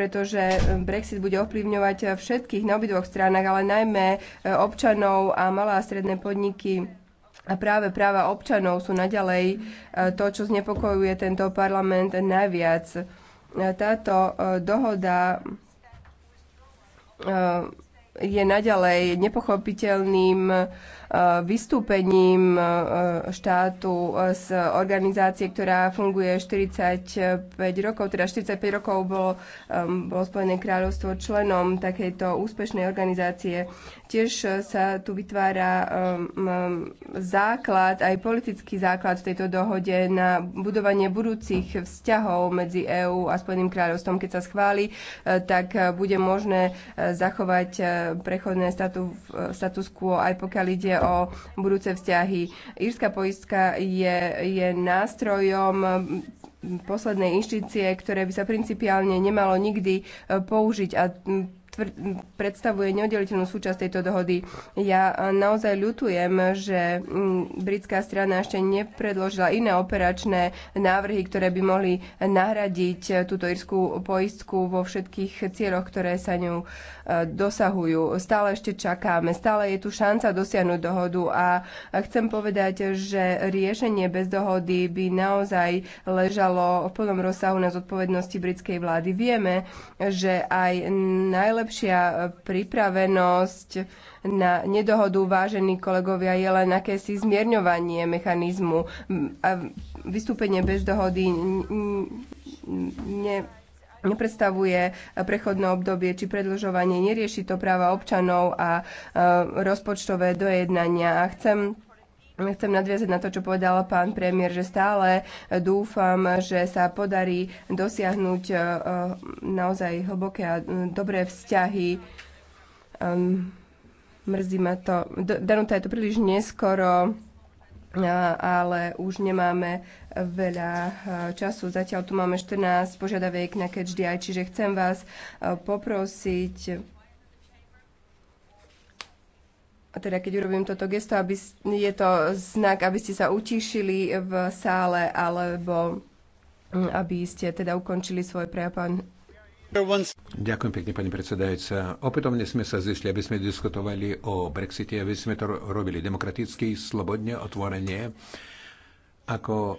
pretože um, Brexit bude ovplyvňovať uh, všetkých na obidvoch stranách, ale najmä uh, občanov a malé a stredné podniky. A práve práva občanov sú naďalej uh, to, čo znepokojuje tento parlament najviac. Táto dohoda je naďalej nepochopiteľným vystúpením e, e, štátu e, z organizácie, ktorá funguje 45 rokov, teda 45 rokov bolo, bolo Spojené kráľovstvo členom takejto úspešnej organizácie. Tiež sa tu vytvára základ, aj politický základ v tejto dohode na budovanie budúcich vzťahov medzi EÚ a Spojeným kráľovstvom. Keď sa schváli, tak bude možné zachovať prechodné status quo, aj pokiaľ ide o budúce vzťahy. Írska poistka je, je nástrojom poslednej inštície, ktoré by sa principiálne nemalo nikdy e, použiť a predstavuje neoddeliteľnú súčasť tejto dohody. Ja naozaj ľutujem, že mm, britská strana ešte nepredložila iné operačné návrhy, ktoré by mohli nahradiť e, túto írskú poistku vo všetkých cieľoch, ktoré sa ňu e, dosahujú. Stále ešte čakáme, stále je tu šanca dosiahnuť dohodu a chcem povedať, že riešenie bez dohody by naozaj ležalo v plnom rozsahu na zodpovednosti britskej vlády. Vieme, že aj najlepšie najlepšia e, pripravenosť na nedohodu, vážení kolegovia, je len akési zmierňovanie mechanizmu a vystúpenie bez dohody ne, nepredstavuje prechodné obdobie či predlžovanie, nerieši to práva občanov a e, rozpočtové dojednania. A chcem Chcem nadviazať na to, čo povedal pán premiér, že stále e, dúfam, že sa podarí dosiahnuť e, e, naozaj hlboké a dobré vzťahy. Ehm, mrzí ma to. Danuta je to príliš neskoro, ale už nemáme veľa času. Zatiaľ tu máme 14 požiadaviek na catch DI, čiže chcem vás poprosiť a teda keď urobím toto gesto, aby, je to znak, aby ste sa utíšili v sále, alebo mm, aby ste teda ukončili svoj prejav, Ďakujem pekne, pani predsedajúca. Opätovne sme sa zišli, aby sme diskutovali o Brexite, aby sme to robili demokraticky, slobodne, otvorene, ako e, e,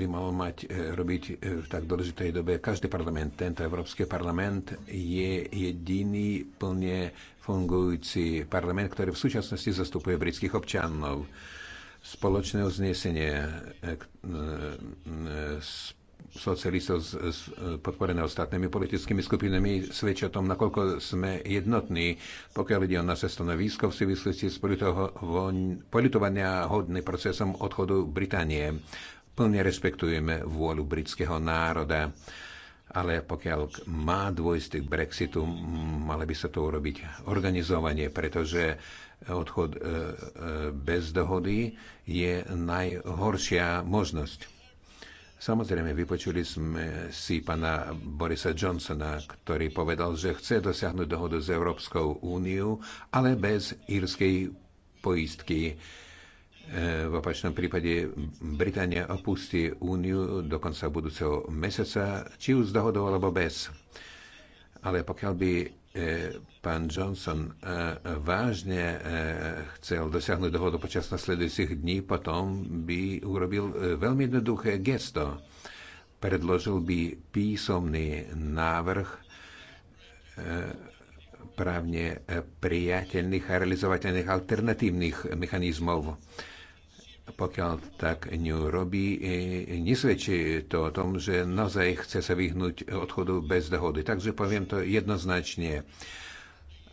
by mal mať e, robiť v tak dôležitej dobe každý parlament. Tento Európsky parlament je jediný plne fungujúci parlament, ktorý v súčasnosti zastupuje britských občanov. Spoločné uznesenie e, e, socialistov podporené ostatnými politickými skupinami svedčia o tom, nakoľko sme jednotní, pokiaľ ide o naše stanovisko v súvislosti s politovania hodným procesom odchodu Británie. Plne rešpektujeme vôľu britského národa ale pokiaľ má dôjsť k Brexitu, mali by sa to urobiť organizovanie, pretože odchod e, e, bez dohody je najhoršia možnosť. Samozrejme, vypočuli sme si pana Borisa Johnsona, ktorý povedal, že chce dosiahnuť dohodu s Európskou úniou, ale bez írskej poistky. V opačnom prípade Británia opustí úniu do konca budúceho mesiaca, či už z dohodou alebo bez. Ale pokiaľ by e, pán Johnson e, vážne e, chcel dosiahnuť dohodu počas nasledujúcich dní, potom by urobil veľmi jednoduché gesto. Predložil by písomný návrh právne priateľných a realizovateľných alternatívnych mechanizmov pokiaľ tak neurobí, e, nesvedčí to o tom, že naozaj chce sa vyhnúť odchodu bez dohody. Takže poviem to jednoznačne.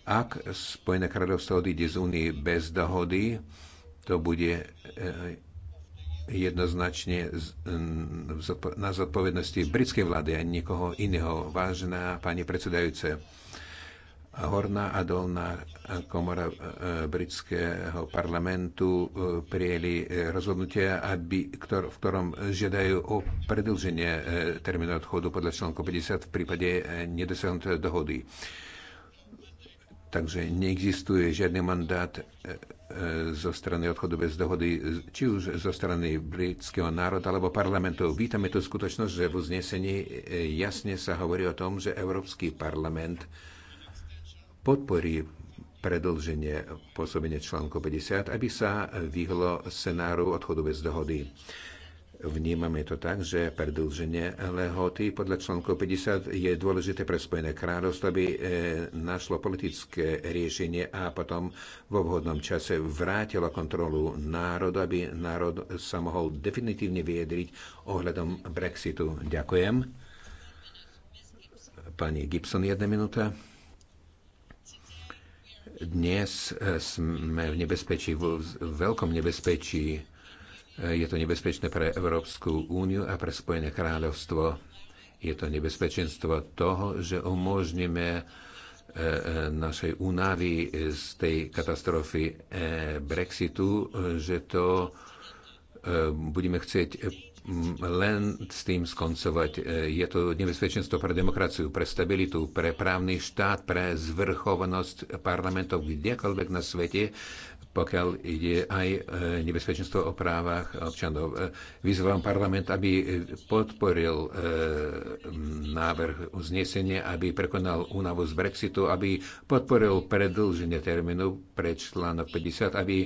Ak Spojené kráľovstvo odíde z únie bez dohody, to bude e, jednoznačne na zodpovednosti britskej vlády a nikoho iného. Vážená pani predsedajúce, Horná a dolná komora e, britského parlamentu e, prijeli e, rozhodnutie, aby, ktor, v ktorom žiadajú o predlženie termínu odchodu podľa článku 50 v prípade nedosiahnuté dohody. Takže neexistuje žiadny mandát zo strany odchodu bez dohody, či už zo strany britského národa alebo parlamentu. Vítame tú skutočnosť, že v uznesení jasne sa hovorí o tom, že Európsky parlament podporí predlženie pôsobenia článku 50, aby sa vyhlo scenáru odchodu bez dohody. Vnímame to tak, že predlženie lehoty podľa článku 50 je dôležité pre Spojené kráľovstvo, aby e, našlo politické riešenie a potom vo vhodnom čase vrátilo kontrolu národa, aby národ sa mohol definitívne vyjadriť ohľadom Brexitu. Ďakujem. Pani Gibson, jedna minúta. Dnes eh, sme v nebezpečí, v veľkom nebezpečí. Eh, je to nebezpečné pre Európsku úniu a pre Spojené kráľovstvo. Je to nebezpečenstvo toho, že umožníme eh, našej únavy z tej katastrofy Brexitu, že to budeme chcieť len s tým skoncovať. E, je to nebezpečenstvo pre demokraciu, pre stabilitu, pre právny štát, pre zvrchovanosť parlamentov kdekoľvek na svete, pokiaľ ide aj e, nebezpečenstvo o právach občanov. E, vyzývam parlament, aby podporil návrh uznesenia, aby prekonal únavu z Brexitu, aby podporil predlženie termínu pre článok 50, aby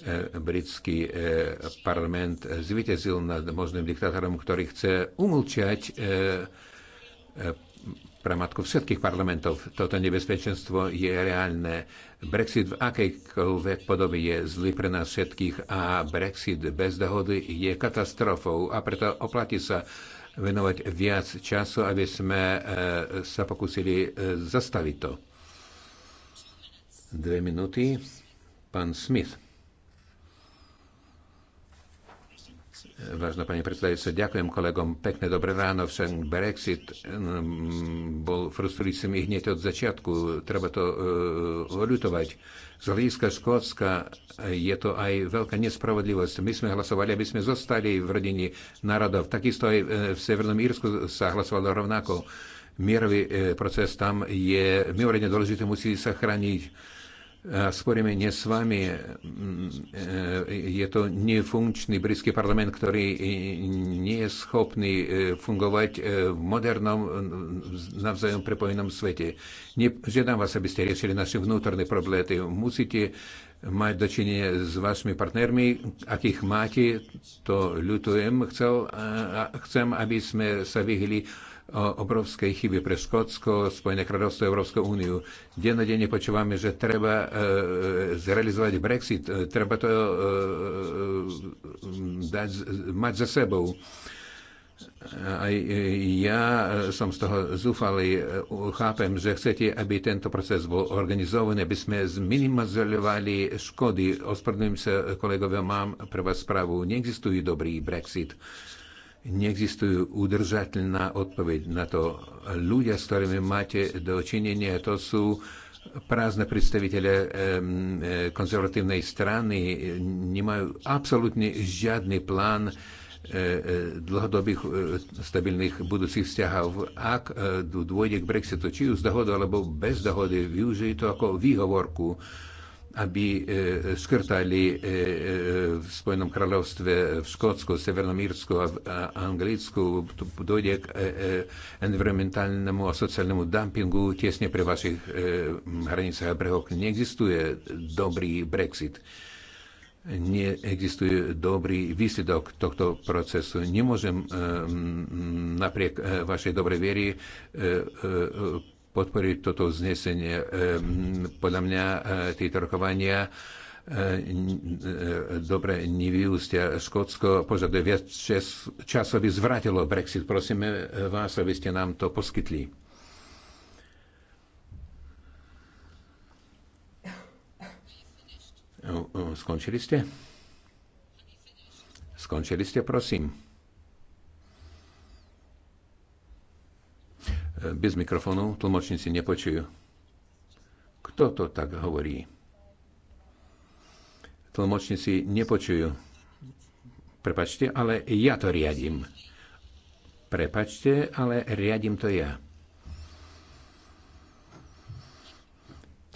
E, britský e, parlament zvitezil nad možným diktátorom, ktorý chce umlčať e, pramatku všetkých parlamentov. Toto nebezpečenstvo je reálne. Brexit v akejkoľvek podobe je zlý pre nás všetkých a Brexit bez dohody je katastrofou a preto oplatí sa venovať viac času, aby sme sa pokúsili zastaviť to. Dve minúty. Pán Smith. Vážna pani predsedajúca, ďakujem kolegom. Pekné dobré ráno. Však Brexit mm, bol frustrujúci mi hneď od začiatku. Treba to e, odľutovať. ľutovať. Z hľadiska Škótska je to aj veľká nespravodlivosť. My sme hlasovali, aby sme zostali v rodine národov. Takisto aj e, v Severnom Írsku sa hlasovalo rovnako. Mierový e, proces tam je mimoriadne dôležitý, musí sa chrániť sporíme nie s vami. E, e, je to nefunkčný britský parlament, ktorý nie je schopný e, fungovať v modernom, navzájom prepojenom svete. Žiadam vás, aby ste riešili naše vnútorné problémy. Musíte mať dočinenie s vašimi partnermi. Akých máte, to ľutujem. Chcel, chcem, aby sme sa vyhli obrovskej chyby pre Škótsko, Spojené kráľovstvo a Európsku úniu. Denodene počúvame, že treba e, e, zrealizovať Brexit, e, treba to dať, mať za sebou. Aj ja som z toho zúfalý. Chápem, že chcete, aby tento proces bol organizovaný, aby sme zminimalizovali škody. Ospravedlňujem sa, kolegovia, mám pre vás správu. Neexistuje dobrý Brexit neexistujú udržateľná odpoveď na to. Ľudia, s ktorými máte dočinenia, to sú prázdne predstaviteľe konzervatívnej strany, nemajú absolútne žiadny plán e, e, dlhodobých e, stabilných budúcich vzťahov. Ak dôjde k Brexitu, či už z dohody alebo bez dohody, využijú to ako výhovorku aby skrtali e, e, e, v Spojenom kráľovstve, v Škótsku, Severnom Írsku a Anglicku. Dojde k environmentálnemu a sociálnemu dumpingu tesne pri vašich hranicách a brehoch. Neexistuje dobrý Brexit. Neexistuje dobrý výsledok tohto procesu. Nemôžem napriek vašej dobrej viery podporiť toto uznesenie. Ehm, podľa mňa e, tieto rokovania e, e, dobre nevyústia. Škótsko požaduje viac času, aby zvrátilo Brexit. Prosíme vás, aby ste nám to poskytli. Skončili ste? Skončili ste, prosím. Bez mikrofónu tlmočníci nepočujú. Kto to tak hovorí? Tlmočníci nepočujú. Prepačte, ale ja to riadím. Prepačte, ale riadím to ja.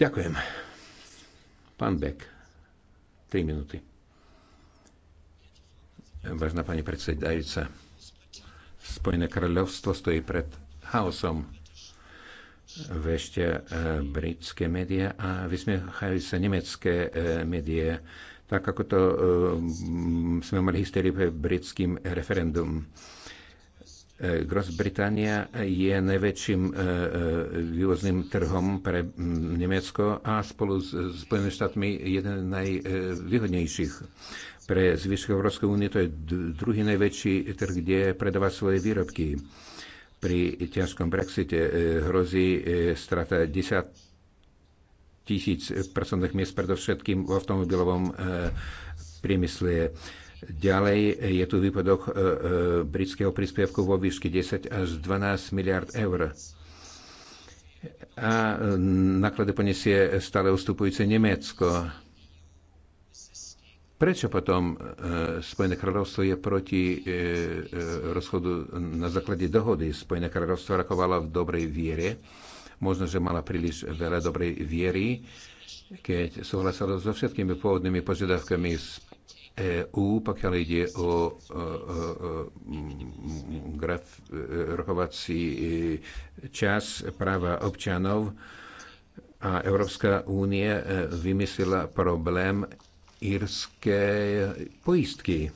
Ďakujem. Pán Beck, 3 minúty. Vážna pani predsedajúca, Spojené kráľovstvo stojí pred chaosom. Veštia e, britské médiá a vysmiechajú sa nemecké e, médiá, tak ako to e, sme mali hysteriu britským referendum. Britannia je najväčším vývozným trhom pre Nemecko a spolu s Spojenými štátmi jeden z najvýhodnejších. Pre zvyšok Európskej únie to je druhý najväčší trh, kde predáva svoje výrobky. Pri ťažkom Brexite e, hrozí e, strata 10 tisíc pracovných miest, predovšetkým v automobilovom e, priemysle. Ďalej je tu výpadok britského príspevku vo výške 10 až 12 miliard eur a náklady poniesie stále ustupujúce Nemecko. Prečo potom e, Spojené kráľovstvo je proti e, e, rozchodu na základe dohody? Spojené kráľovstvo rakovalo v dobrej viere. Možno, že mala príliš veľa dobrej viery, keď súhlasilo so všetkými pôvodnými požiadavkami z EU, pokiaľ ide o, o, o, o e, rokovací e, čas práva občanov. A Európska únie e, vymyslela problém írske poistky.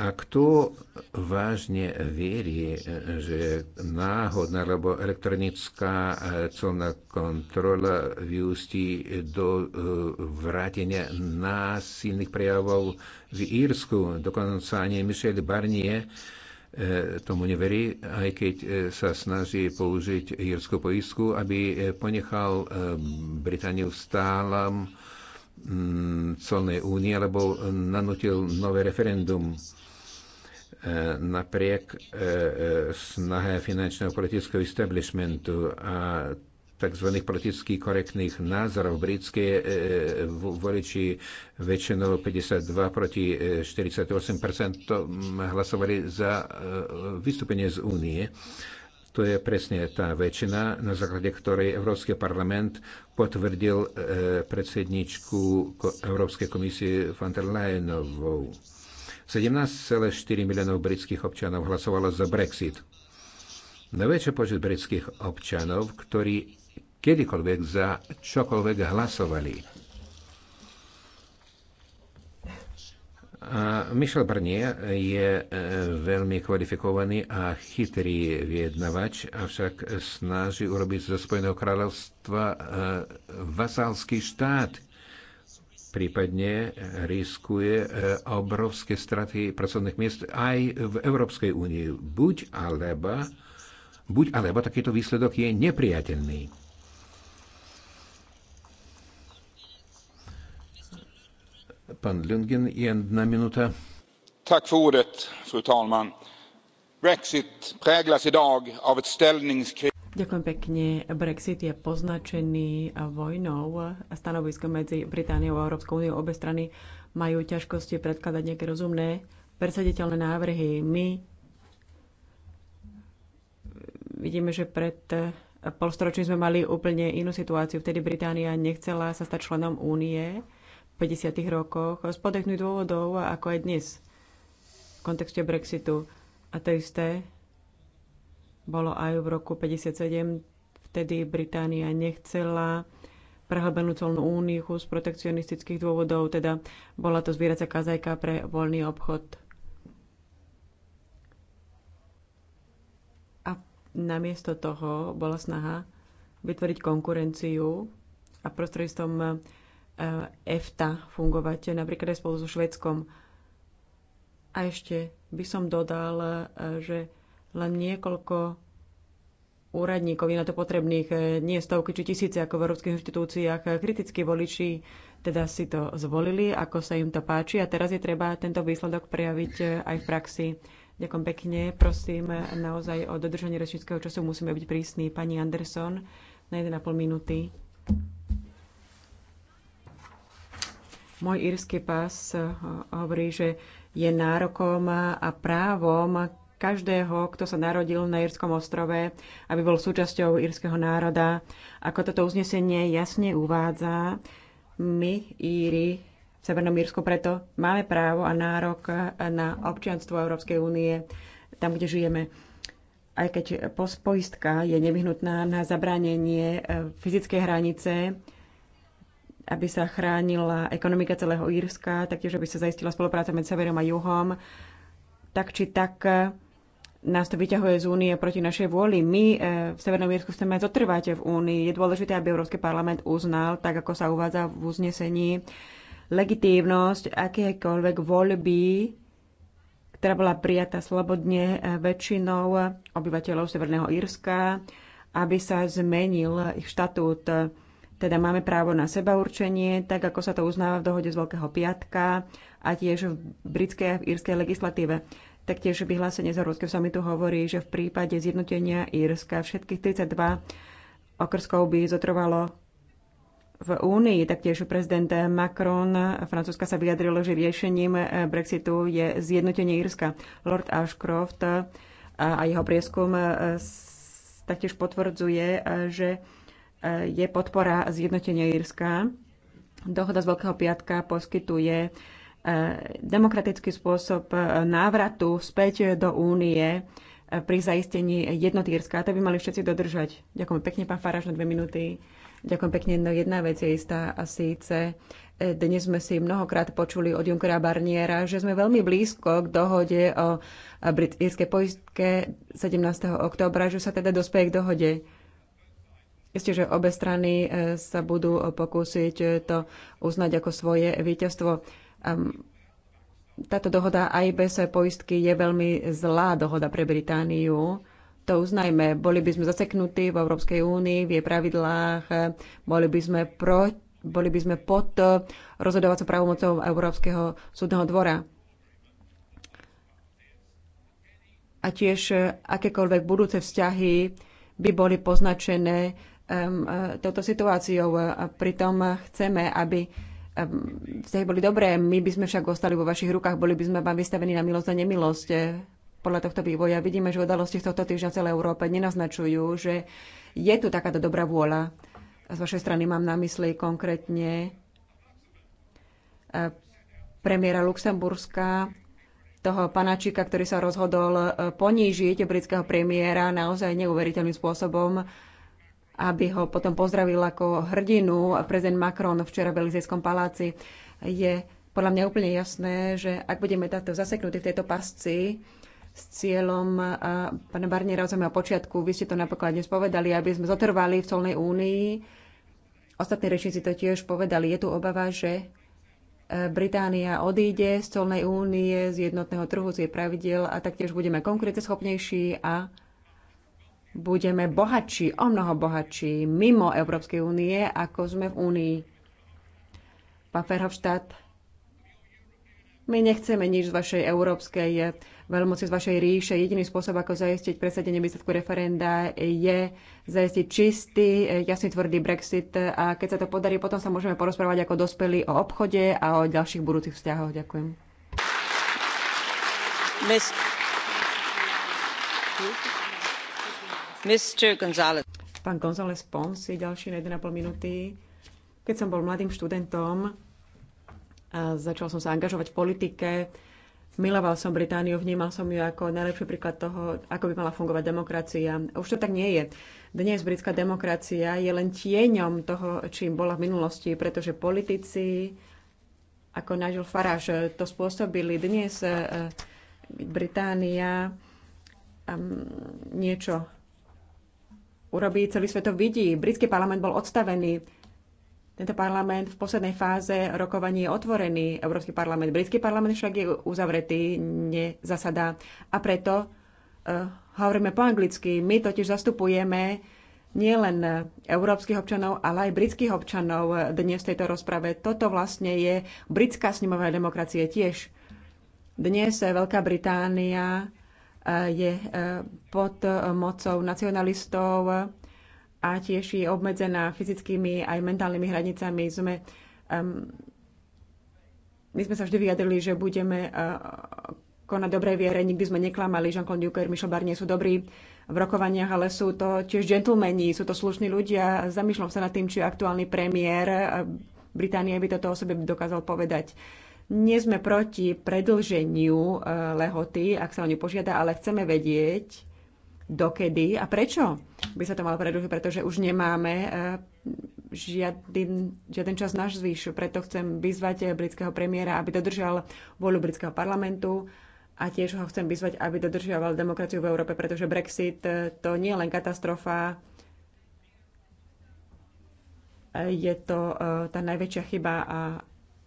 A kto vážne verí, že náhodná alebo elektronická e, colná kontrola vyústí do e, vrátenia násilných prejavov v Írsku? Dokonca ani Michel Barnier e, tomu neverí, aj keď sa snaží použiť írsku poistku, aby ponechal Britániu v stálom Mm, colnej únie, lebo nanutil nové referendum e, napriek e, e, snahe finančného politického establishmentu a tzv. politických korektných názorov. Britské voliči väčšinou 52 proti 48 mm, hlasovali za vystúpenie z únie. To je presne tá väčšina, na základe ktorej Európsky parlament potvrdil e, predsedničku Európskej komisie von der Leyenovou. 17,4 miliónov britských občanov hlasovalo za Brexit. Najväčší no počet britských občanov, ktorí kedykoľvek za čokoľvek hlasovali. A Michel Barnier je e, veľmi kvalifikovaný a chytrý vyjednavač, avšak snaží urobiť zo Spojeného kráľovstva e, vasalský štát. Prípadne riskuje e, obrovské straty pracovných miest aj v Európskej únii. Buď alebo, buď alebo takýto výsledok je nepriateľný. Pán jedna minúta. fru talman. Brexit präglas dag av ett ställningskrig. Ďakujem pekne. Brexit je poznačený vojnou stanovisko medzi Britániou a Európskou úniou. Obe strany majú ťažkosti predkladať nejaké rozumné, presaditeľné návrhy. My vidíme, že pred polstoročím sme mali úplne inú situáciu. Vtedy Británia nechcela sa stať členom únie 50. rokoch z podechných dôvodov ako aj dnes v kontexte Brexitu. A to isté bolo aj v roku 57. Vtedy Británia nechcela prehlbenú colnú úniu z protekcionistických dôvodov, teda bola to zvieracia kazajka pre voľný obchod. A namiesto toho bola snaha vytvoriť konkurenciu a prostredstvom E, EFTA fungovať, napríklad aj spolu so Švedskom. A ešte by som dodal, e, že len niekoľko úradníkov je na to potrebných, e, nie stovky či tisíce ako v európskych inštitúciách. Kritickí voliči teda si to zvolili, ako sa im to páči a teraz je treba tento výsledok prejaviť aj v praxi. Ďakujem pekne. Prosím naozaj o dodržanie rečníckého času. Musíme byť prísni. Pani Anderson na 1,5 minúty. Môj írsky pás eh, hovorí, že je nárokom a právom každého, kto sa narodil na Írskom ostrove, aby bol súčasťou írskeho národa. Ako toto uznesenie jasne uvádza, my, Íry, v Severnom Írsku preto máme právo a nárok na občianstvo Európskej únie, tam, kde žijeme. Aj keď pospoistka je nevyhnutná na zabránenie eh, fyzickej hranice, aby sa chránila ekonomika celého Írska, taktiež aby sa zaistila spolupráca medzi severom a juhom. Tak či tak nás to vyťahuje z únie proti našej vôli. My eh, v Severnom Írsku chceme zotrvať v únii. Je dôležité, aby Európsky parlament uznal, tak ako sa uvádza v uznesení, legitívnosť akékoľvek voľby, ktorá bola prijatá slobodne eh, väčšinou obyvateľov Severného Írska, aby sa zmenil ich štatút teda máme právo na seba určenie, tak ako sa to uznáva v dohode z Veľkého piatka a tiež v britskej a v írskej legislatíve. Taktiež vyhlásenie z Európskeho samitu hovorí, že v prípade zjednotenia Írska všetkých 32 okrskov by zotrvalo v Únii. Taktiež prezident Macron Francúzska sa vyjadrilo, že riešením Brexitu je zjednotenie Írska. Lord Ashcroft a jeho prieskum taktiež potvrdzuje, že E, je podpora zjednotenia Írska. Dohoda z Veľkého piatka poskytuje e, demokratický spôsob e, návratu späť do únie pri zaistení jednoty Írska. To by mali všetci dodržať. Ďakujem pekne, pán Faráš, na dve minúty. Ďakujem pekne. No jedna vec je istá a síce dnes sme si mnohokrát počuli od Junckera Barniera, že sme veľmi blízko k dohode o britskej poistke 17. oktobra, že sa teda dospeje k dohode. Isté, že obe strany e, sa budú e, pokúsiť e, to uznať ako svoje víťazstvo. Ehm, táto dohoda aj bez poistky je veľmi zlá dohoda pre Britániu. To uznajme. Boli by sme zaseknutí v Európskej únii, v jej pravidlách, boli by sme, pro, boli by sme pod rozhodovacou právomocou Európskeho súdneho dvora. A tiež akékoľvek budúce vzťahy by boli poznačené E, touto situáciou. E, a pritom chceme, aby um, boli dobré. My by sme však ostali vo vašich rukách, boli by sme vám vystavení na milosť a nemilosť. E, podľa tohto vývoja vidíme, že udalosti z tohto týždňa celé celej Európe nenaznačujú, že je tu takáto dobrá vôľa. Z vašej strany mám na mysli konkrétne premiéra Luxemburska, toho panačika, ktorý sa rozhodol ponížiť britského premiéra naozaj neuveriteľným spôsobom aby ho potom pozdravil ako hrdinu. Prezident Macron včera v Elizejskom paláci je podľa mňa úplne jasné, že ak budeme takto zaseknutí v tejto pasci s cieľom, pána Barniera, od samého počiatku, vy ste to napríklad dnes povedali, aby sme zotrvali v colnej únii, ostatní rečníci to tiež povedali, je tu obava, že e, Británia odíde z colnej únie, z jednotného trhu, z jej pravidel a taktiež budeme konkurenceschopnejší a budeme bohatší, o mnoho bohatší mimo Európskej únie, ako sme v únii. Pán Ferhofštát, my nechceme nič z vašej európskej veľmoci, z vašej ríše. Jediný spôsob, ako zaistiť presadenie výsledku referenda, je zaistiť čistý, jasný, tvrdý Brexit. A keď sa to podarí, potom sa môžeme porozprávať ako dospelí o obchode a o ďalších budúcich vzťahoch. Ďakujem. Mes- Pán González Pons je ďalší na 1,5 minúty. Keď som bol mladým študentom, a začal som sa angažovať v politike, miloval som Britániu, vnímal som ju ako najlepší príklad toho, ako by mala fungovať demokracia. Už to tak nie je. Dnes britská demokracia je len tieňom toho, čím bola v minulosti, pretože politici ako Nigel Farage to spôsobili. Dnes Británia niečo urobí, celý svet to vidí. Britský parlament bol odstavený. Tento parlament v poslednej fáze rokovaní je otvorený. Európsky parlament, britský parlament však je uzavretý, nezasadá. A preto uh, hovoríme po anglicky. My totiž zastupujeme nielen európskych občanov, ale aj britských občanov dnes v tejto rozprave. Toto vlastne je britská snimová demokracie tiež. Dnes Veľká Británia je e, pod mocou nacionalistov a tiež je obmedzená fyzickými aj mentálnymi hranicami. Sme, um, my sme sa vždy vyjadrili, že budeme uh, konať dobrej viere, nikdy sme neklamali, Jean-Claude Juncker, Michel Barnier sú dobrí v rokovaniach, ale sú to tiež džentlmeni, sú to slušní ľudia. Zamýšľam sa nad tým, či aktuálny premiér e, Británie by toto o sebe dokázal povedať. Uh, nie sme proti predlženiu e, lehoty, ak sa o ňu požiada, ale chceme vedieť, dokedy a prečo by sa to malo predlžiť, pretože už nemáme e, žiaden, žiaden čas náš zvýš. Preto chcem vyzvať e, britského premiéra, aby dodržal voľu britského parlamentu a tiež ho chcem vyzvať, aby dodržiaval demokraciu v Európe, pretože Brexit to nie je len katastrofa, je to tá najväčšia chyba a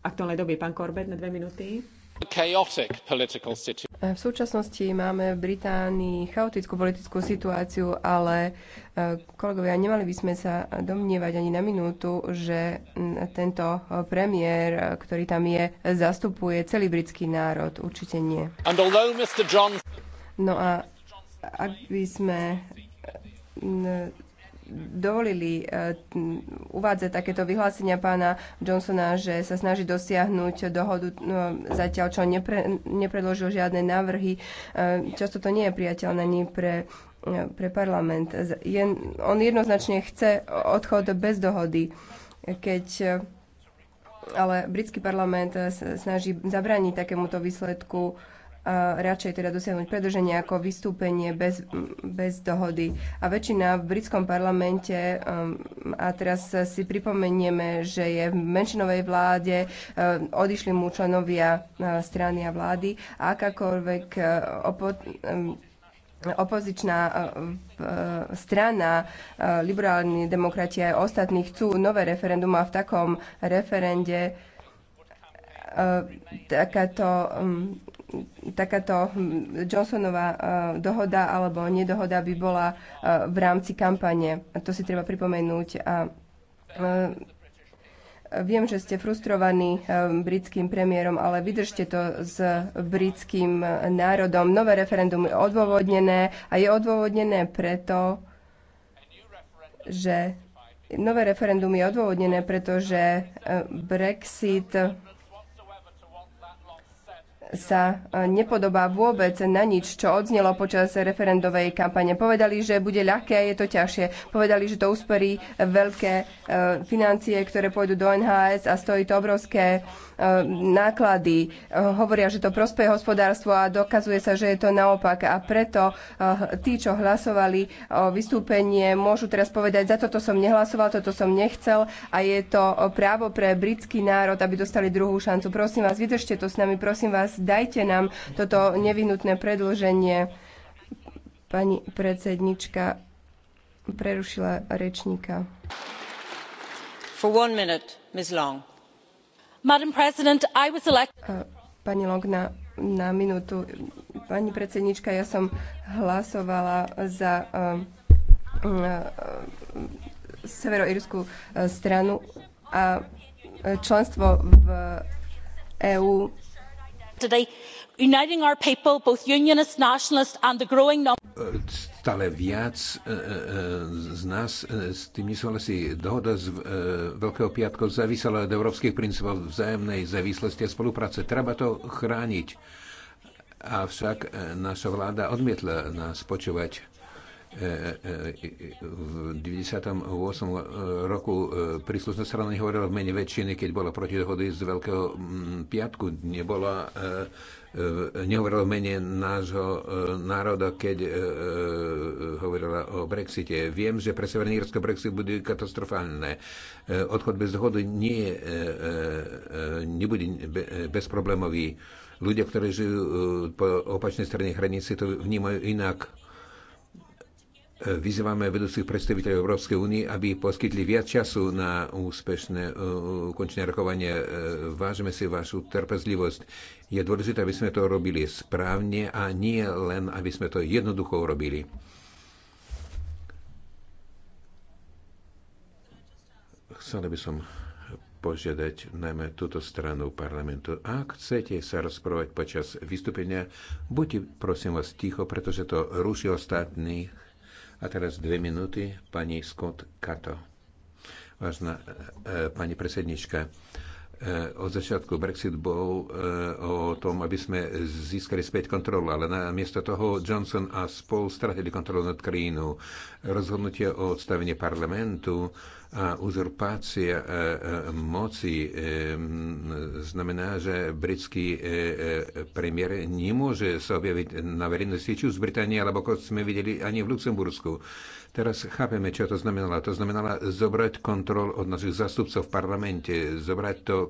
aktuálnej doby. Pán Korbet, na dve minúty. E, v súčasnosti máme v Británii chaotickú politickú situáciu, ale e, kolegovia, nemali by sme sa domnievať ani na minútu, že tento e, premiér, ktorý tam je, zastupuje celý britský národ. Určite nie. No a ak by sme dovolili e, uvádzať takéto vyhlásenia pána Johnsona, že sa snaží dosiahnuť dohodu no, zatiaľ, čo nepre, nepredložil žiadne návrhy. E, často to nie je priateľné ani pre pre parlament. Je, on jednoznačne chce odchod bez dohody, keď ale britský parlament snaží zabrániť takémuto výsledku radšej teda dosiahnuť predlženie ako vystúpenie bez, bez dohody. A väčšina v britskom parlamente, um, a teraz si pripomenieme, že je v menšinovej vláde, uh, odišli mu členovia uh, strany a vlády a akákoľvek uh, opo- um, opozičná strana, liberálni demokrati aj ostatní chcú nové referendum a v takom referende takáto um, takáto hm, Johnsonová eh, dohoda alebo nedohoda by bola eh, v rámci kampane. To si treba pripomenúť. A eh, Viem, že ste frustrovaní britským premiérom, ale vydržte to s britským národom. Nové referendum je odôvodnené a je odôvodnené preto, že nové referendum je odôvodnené, pretože Brexit sa e, nepodobá vôbec na nič, čo odznelo počas referendovej kampane. Povedali, že bude ľahké a je to ťažšie. Povedali, že to usporí veľké e, financie, ktoré pôjdu do NHS a stojí to obrovské E, náklady. E, hovoria, že to prospeje hospodárstvo a dokazuje sa, že je to naopak. A preto e, tí, čo hlasovali o vystúpenie, môžu teraz povedať, za toto som nehlasoval, toto som nechcel a je to právo pre britský národ, aby dostali druhú šancu. Prosím vás, vydržte to s nami, prosím vás, dajte nám toto nevinutné predlženie. Pani predsednička prerušila rečníka. For one minute, Ms. Long Pani Long, na, na minútu. Pani predsednička, ja som hlasovala za um, um, uh, uh, severoírskú stranu a uh, členstvo v uh, EÚ uniting our people, both unionists, nationalists and the growing number... Stále viac e, e, e, z nás s tým nesúhlasí. Dohoda z Veľkého piatku závisela od európskych princípov vzájomnej závislosti a spolupráce. Treba to chrániť. Avšak naša vláda odmietla nás počúvať v 98. roku príslušná strana nehovorila v mene väčšiny, keď bola proti dohody z Veľkého piatku. Nebola E, nehovorila o mene nášho e, národa, keď e, hovorila o Brexite. Viem, že pre Severné Irsko Brexit bude katastrofálne. Odchod bez dohody nie, nebude bezproblémový. Ľudia, ktorí žijú po opačnej strane hranice, to vnímajú inak Vyzývame vedúcich predstaviteľov Európskej únie, aby poskytli viac času na úspešné e, ukončenie rokovania. E, vážime si vašu trpezlivosť. Je dôležité, aby sme to robili správne a nie len, aby sme to jednoducho urobili. Chcel by som požiadať najmä túto stranu parlamentu. Ak chcete sa rozprávať počas vystúpenia, buďte prosím vás ticho, pretože to ruší ostatných a teraz dve minúty pani Scott Kato. Vážna e, pani predsednička, Eh, od začiatku Brexit bol eh, o tom, aby sme získali späť kontrolu, ale namiesto toho Johnson a spol stratili kontrolu nad krajinou. Rozhodnutie o odstavení parlamentu a uzurpácia eh, moci znamená, že britský premiér nemôže sa objaviť na verejnosti či už v Británii, alebo ako sme videli ani v Luxembursku Teraz chápeme, čo to znamenalo. To znamenalo zobrať kontrol od našich zastupcov v parlamente, zobrať to mm,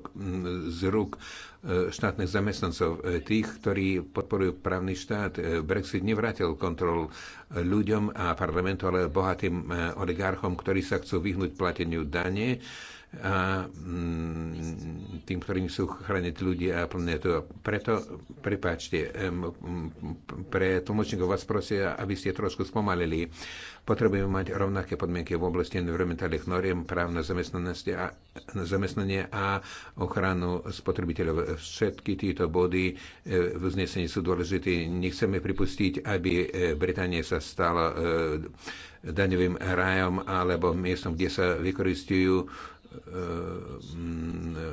z rúk e, štátnych zamestnancov, e, tých, ktorí podporujú právny štát. E, Brexit nevrátil kontrol ľuďom a parlamentu, ale bohatým oligarchom, ktorí sa chcú vyhnúť plateniu dane a mm, tým, ktorým sú chrániť ľudia a plné to. Preto, prepáčte, pre tlmočníkov vás prosia, aby ste trošku spomalili. Potrebujeme mať rovnaké podmienky v oblasti environmentálnych noriem, práv na zamestnanie a ochranu spotrebiteľov. Všetky títo body e, v uznesení sú dôležité. Nechceme pripustiť, aby e, Británia sa stala e, daňovým rájom alebo miestom, kde sa vykoristujú E, e,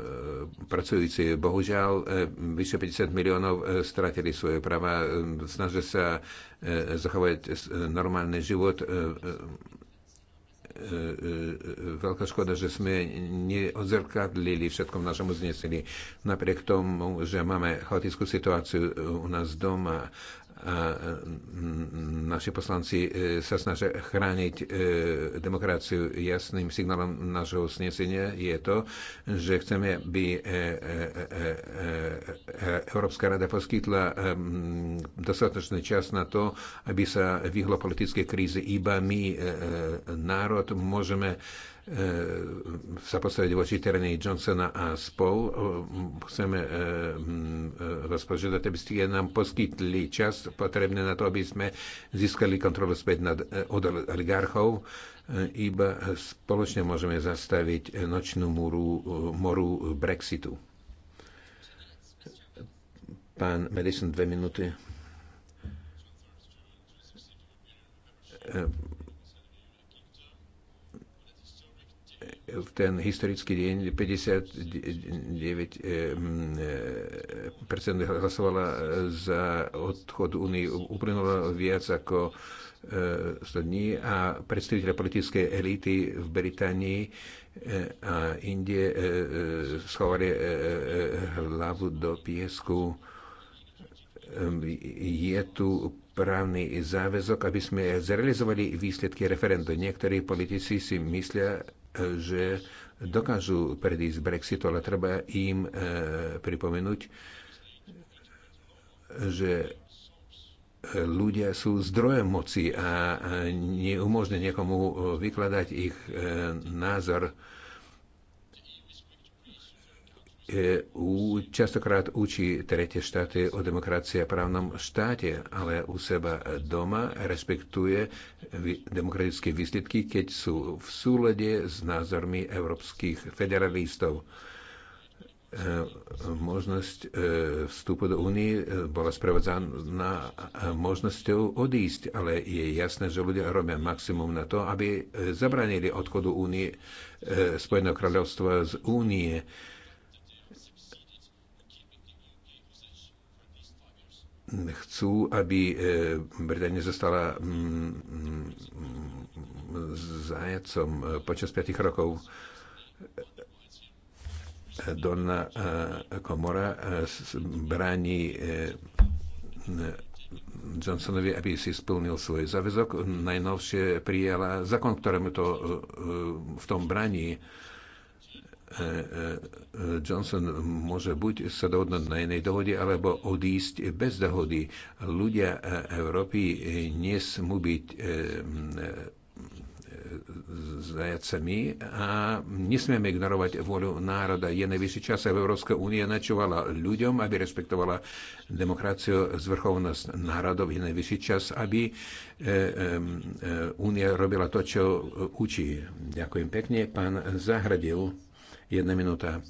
pracujúci. Bohužiaľ, e, vyše 50 miliónov stratili svoje práva, snažia sa zachovať normálny život. Veľká škoda, že sme neodzrkadlili všetko v našom uznesení. Napriek tomu, že máme chaotickú situáciu u nás doma Mm, naši poslanci e, sa snažia chrániť e, demokraciu. Jasným signálom našho snesenia je to, že chceme, aby e, Európska rada poskytla mm, dostatočný čas na to, aby sa vyhlo politické krízy. Iba my, národ, môžeme E, sa postaviť voči terene Johnsona a spol. E, chceme e, vás požiadať, aby ste nám poskytli čas potrebné na to, aby sme získali kontrolu späť nad, od oligarchov. Iba spoločne môžeme zastaviť nočnú moru, moru Brexitu. Pán Madison, dve minúty. ten historický deň 59% eh, eh, hlasovala eh, za odchod Unii. Uplynulo viac ako 100 dní a predstaviteľe politickej elity v Británii a Indie schovali hlavu do piesku. Ehm, je tu právny záväzok, aby sme zrealizovali výsledky referenda. Niektorí politici si myslia, že dokážu predísť Brexitu, ale treba im e, pripomenúť, že ľudia sú zdrojem moci a neumožne niekomu e, vykladať ich e, názor EU častokrát učí tretie štáty o demokracii a právnom štáte, ale u seba doma respektuje demokratické výsledky, keď sú v súlede s názormi európskych federalistov. E, možnosť e, vstupu do únie e, bola sprevádzaná možnosťou odísť, ale je jasné, že ľudia robia maximum na to, aby zabranili odchodu únie Spojeného kráľovstva z únie. chcú, aby e, Británia zostala mm, mm, zajacom e, počas 5 rokov. Donna komora e, bráni Johnsonovi, aby si splnil svoj záväzok. Najnovšie prijala zákon, ktorému to v tom bráni. E, e, e, Johnson môže buď sa dohodnúť na inej dohode, alebo odísť bez dohody. Ľudia Európy nesmú byť zajacami a nesmieme ignorovať vôľu národa. Je najvyšší čas, aby Európska únia načovala ľuďom, aby respektovala demokraciu, zvrchovnosť národov. Je najvyšší čas, aby únia robila to, čo učí. Ďakujem pekne. Pán Zahradil. Jedna minúta.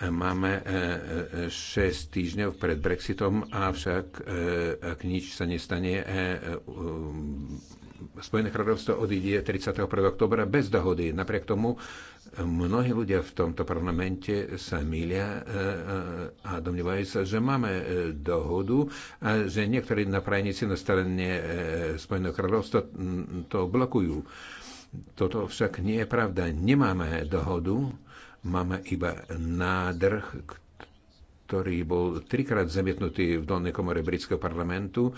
Máme 6 e, e, týždňov pred Brexitom, avšak e, ak nič sa nestane, Spojené kráľovstvo odíde 31. oktobra bez dohody. Napriek tomu mnohí ľudia v tomto parlamente sa milia a domnievajú sa, že máme dohodu a že niektorí prajnici na strane Spojeného kráľovstva to blokujú. Toto však nie je pravda. Nemáme dohodu Máme iba nádrh, ktorý bol trikrát zamietnutý v dolnej komore britského parlamentu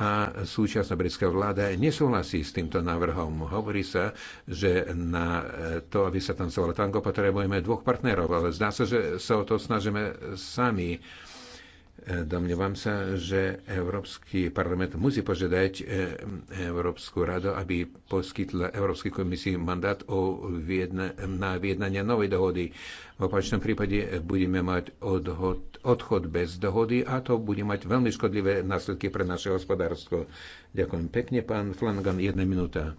a súčasná britská vláda nesúhlasí s týmto návrhom. Hovorí sa, že na to, aby sa tancovalo tango, potrebujeme dvoch partnerov, ale zdá sa, že sa o to snažíme sami. Domnievam sa, že Európsky parlament musí požiadať e, Európsku radu, aby poskytla Európskej komisii mandát o viedne, na vyjednanie novej dohody. V opačnom prípade budeme mať odhod, odchod bez dohody a to bude mať veľmi škodlivé následky pre naše hospodárstvo. Ďakujem pekne, pán Flanagan. Jedna minúta.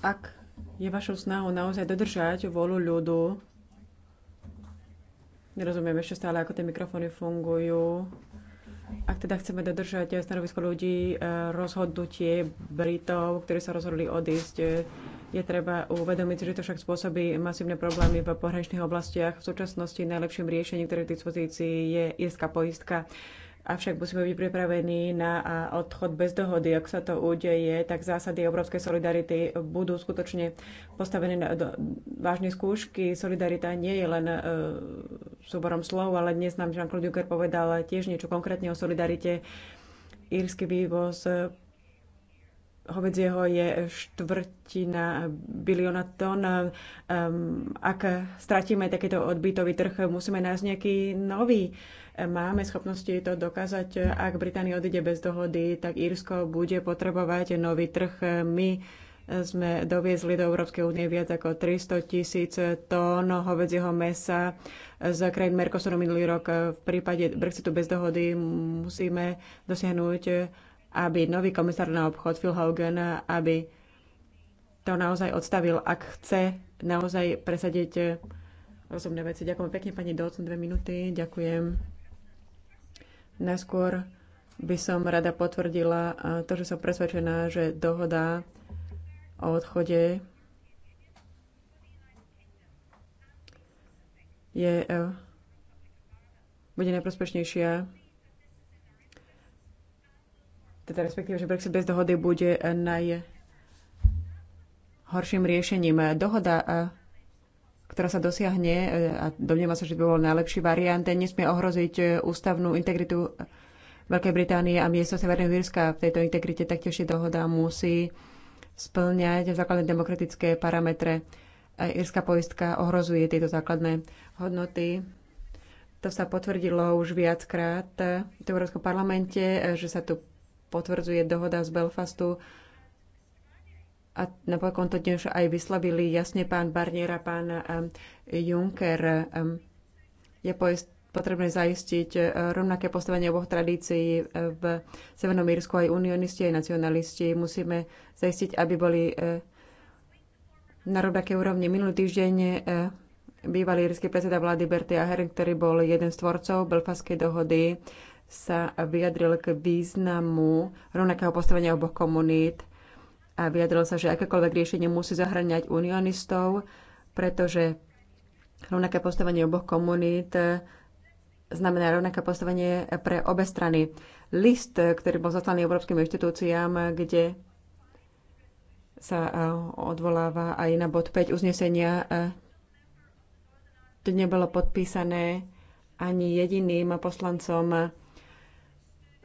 Ak je vašou snahou naozaj dodržať volu ľudu, Nerozumiem ešte stále, ako tie mikrofóny fungujú. Ak teda chceme dodržať stanovisko ľudí, e, rozhodnutie Britov, ktorí sa rozhodli odísť, e, je treba uvedomiť, že to však spôsobí masívne problémy v pohraničných oblastiach. V súčasnosti najlepším riešením, ktoré je v dispozícii, je írska poistka. Avšak musíme byť pripravení na odchod bez dohody. Ak sa to udeje, tak zásady európskej solidarity budú skutočne postavené na do, vážne skúšky. Solidarita nie je len e, súborom slov, ale dnes nám Jean-Claude Juncker povedal tiež niečo konkrétne o solidarite. Írsky vývoz hovedzieho je štvrtina bilióna tón. Ak stratíme takýto odbytový trh, musíme nájsť nejaký nový. Máme schopnosti to dokázať. Ak Británia odíde bez dohody, tak Írsko bude potrebovať nový trh. My sme doviezli do Európskej únie viac ako 300 tisíc tón hovedzieho mesa z krajín Mercosuru minulý rok. V prípade Brexitu bez dohody musíme dosiahnuť aby nový komisár na obchod Phil Hogan, aby to naozaj odstavil, ak chce naozaj presadiť eh, rozumné veci. Ďakujem pekne, pani Dolcon, dve minúty. Ďakujem. Najskôr by som rada potvrdila eh, to, že som presvedčená, že dohoda o odchode je, eh, bude najprospešnejšia teda respektíve, že Brexit bez dohody bude eh, najhorším riešením. Dohoda, eh, ktorá sa dosiahne, eh, a domnieva sa, že by bol najlepší variant, nesmie ohroziť ústavnú integritu Veľkej Británie a miesto Severného Írska v tejto integrite. Taktiež dohoda musí splňať základné demokratické parametre. Írska poistka ohrozuje tieto základné hodnoty. To sa potvrdilo už viackrát v Európskom parlamente, že sa tu potvrdzuje dohoda z Belfastu a napokon to dnes aj vyslovili jasne pán Barnier a pán um, Juncker. Um, je potrebné zaistiť uh, rovnaké postavenie oboch tradícií uh, v Severnom Írsku aj unionisti, aj nacionalisti. Musíme zaistiť, aby boli uh, na rovnaké úrovni. Minulý týždeň bývalý írsky predseda vlády Bertie Ahern, ktorý bol jeden z tvorcov Belfastskej dohody, sa vyjadril k významu rovnakého postavenia oboch komunít a vyjadril sa, že akékoľvek riešenie musí zahrňať unionistov, pretože rovnaké postavenie oboch komunít eh, znamená rovnaké postavenie pre obe strany. List, eh, ktorý bol zaslaný európskym inštitúciám, kde sa eh, odvoláva aj na bod 5 uznesenia, to nebolo podpísané ani jediným poslancom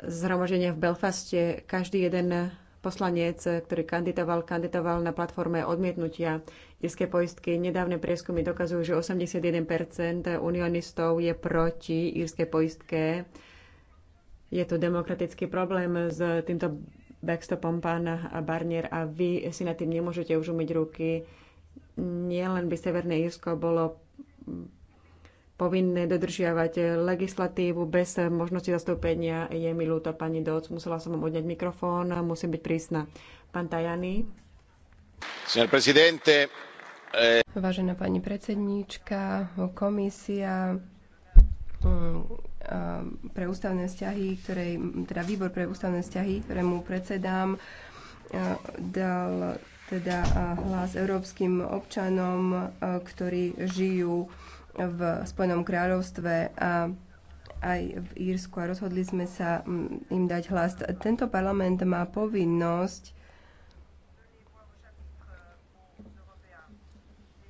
zhromaženia v Belfaste každý jeden poslanec, ktorý kandidoval, kandidoval na platforme odmietnutia detskej poistky. Nedávne prieskumy dokazujú, že 81 unionistov je proti írskej poistke. Je to demokratický problém s týmto backstopom pán Barnier a vy si na tým nemôžete už umyť ruky. Nie len by Severné Írsko bolo povinné dodržiavať legislatívu bez možnosti zastúpenia. Je mi ľúto, pani Doc, musela som vám odňať mikrofón, musím byť prísna. Pán Tajani. Eh, Vážená pani predsedníčka, komisia eh, eh, pre ústavné vzťahy, ktorej, teda výbor pre ústavné vzťahy, ktorému predsedám, dal teda hlas európskym občanom, ktorí žijú v Spojenom kráľovstve a aj v Írsku a rozhodli sme sa mm, im dať hlas. Tento parlament má povinnosť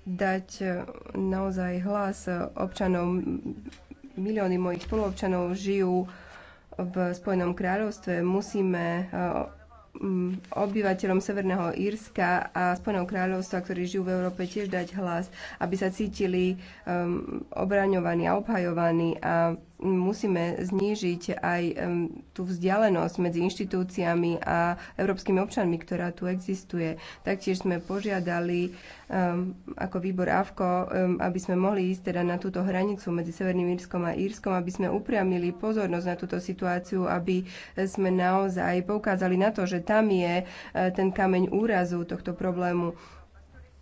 dať e, naozaj hlas občanom. Milióny mojich spoluobčanov žijú v Spojenom kráľovstve. Musíme e, obyvateľom Severného Írska a Spojeného kráľovstva, ktorí žijú v Európe, tiež dať hlas, aby sa cítili um, obraňovaní a obhajovaní a musíme znížiť aj tú vzdialenosť medzi inštitúciami a európskymi občanmi, ktorá tu existuje. Taktiež sme požiadali ako výbor AVKO, aby sme mohli ísť teda na túto hranicu medzi Severným Írskom a Írskom, aby sme upriamili pozornosť na túto situáciu, aby sme naozaj poukázali na to, že tam je e, ten kameň úrazu tohto problému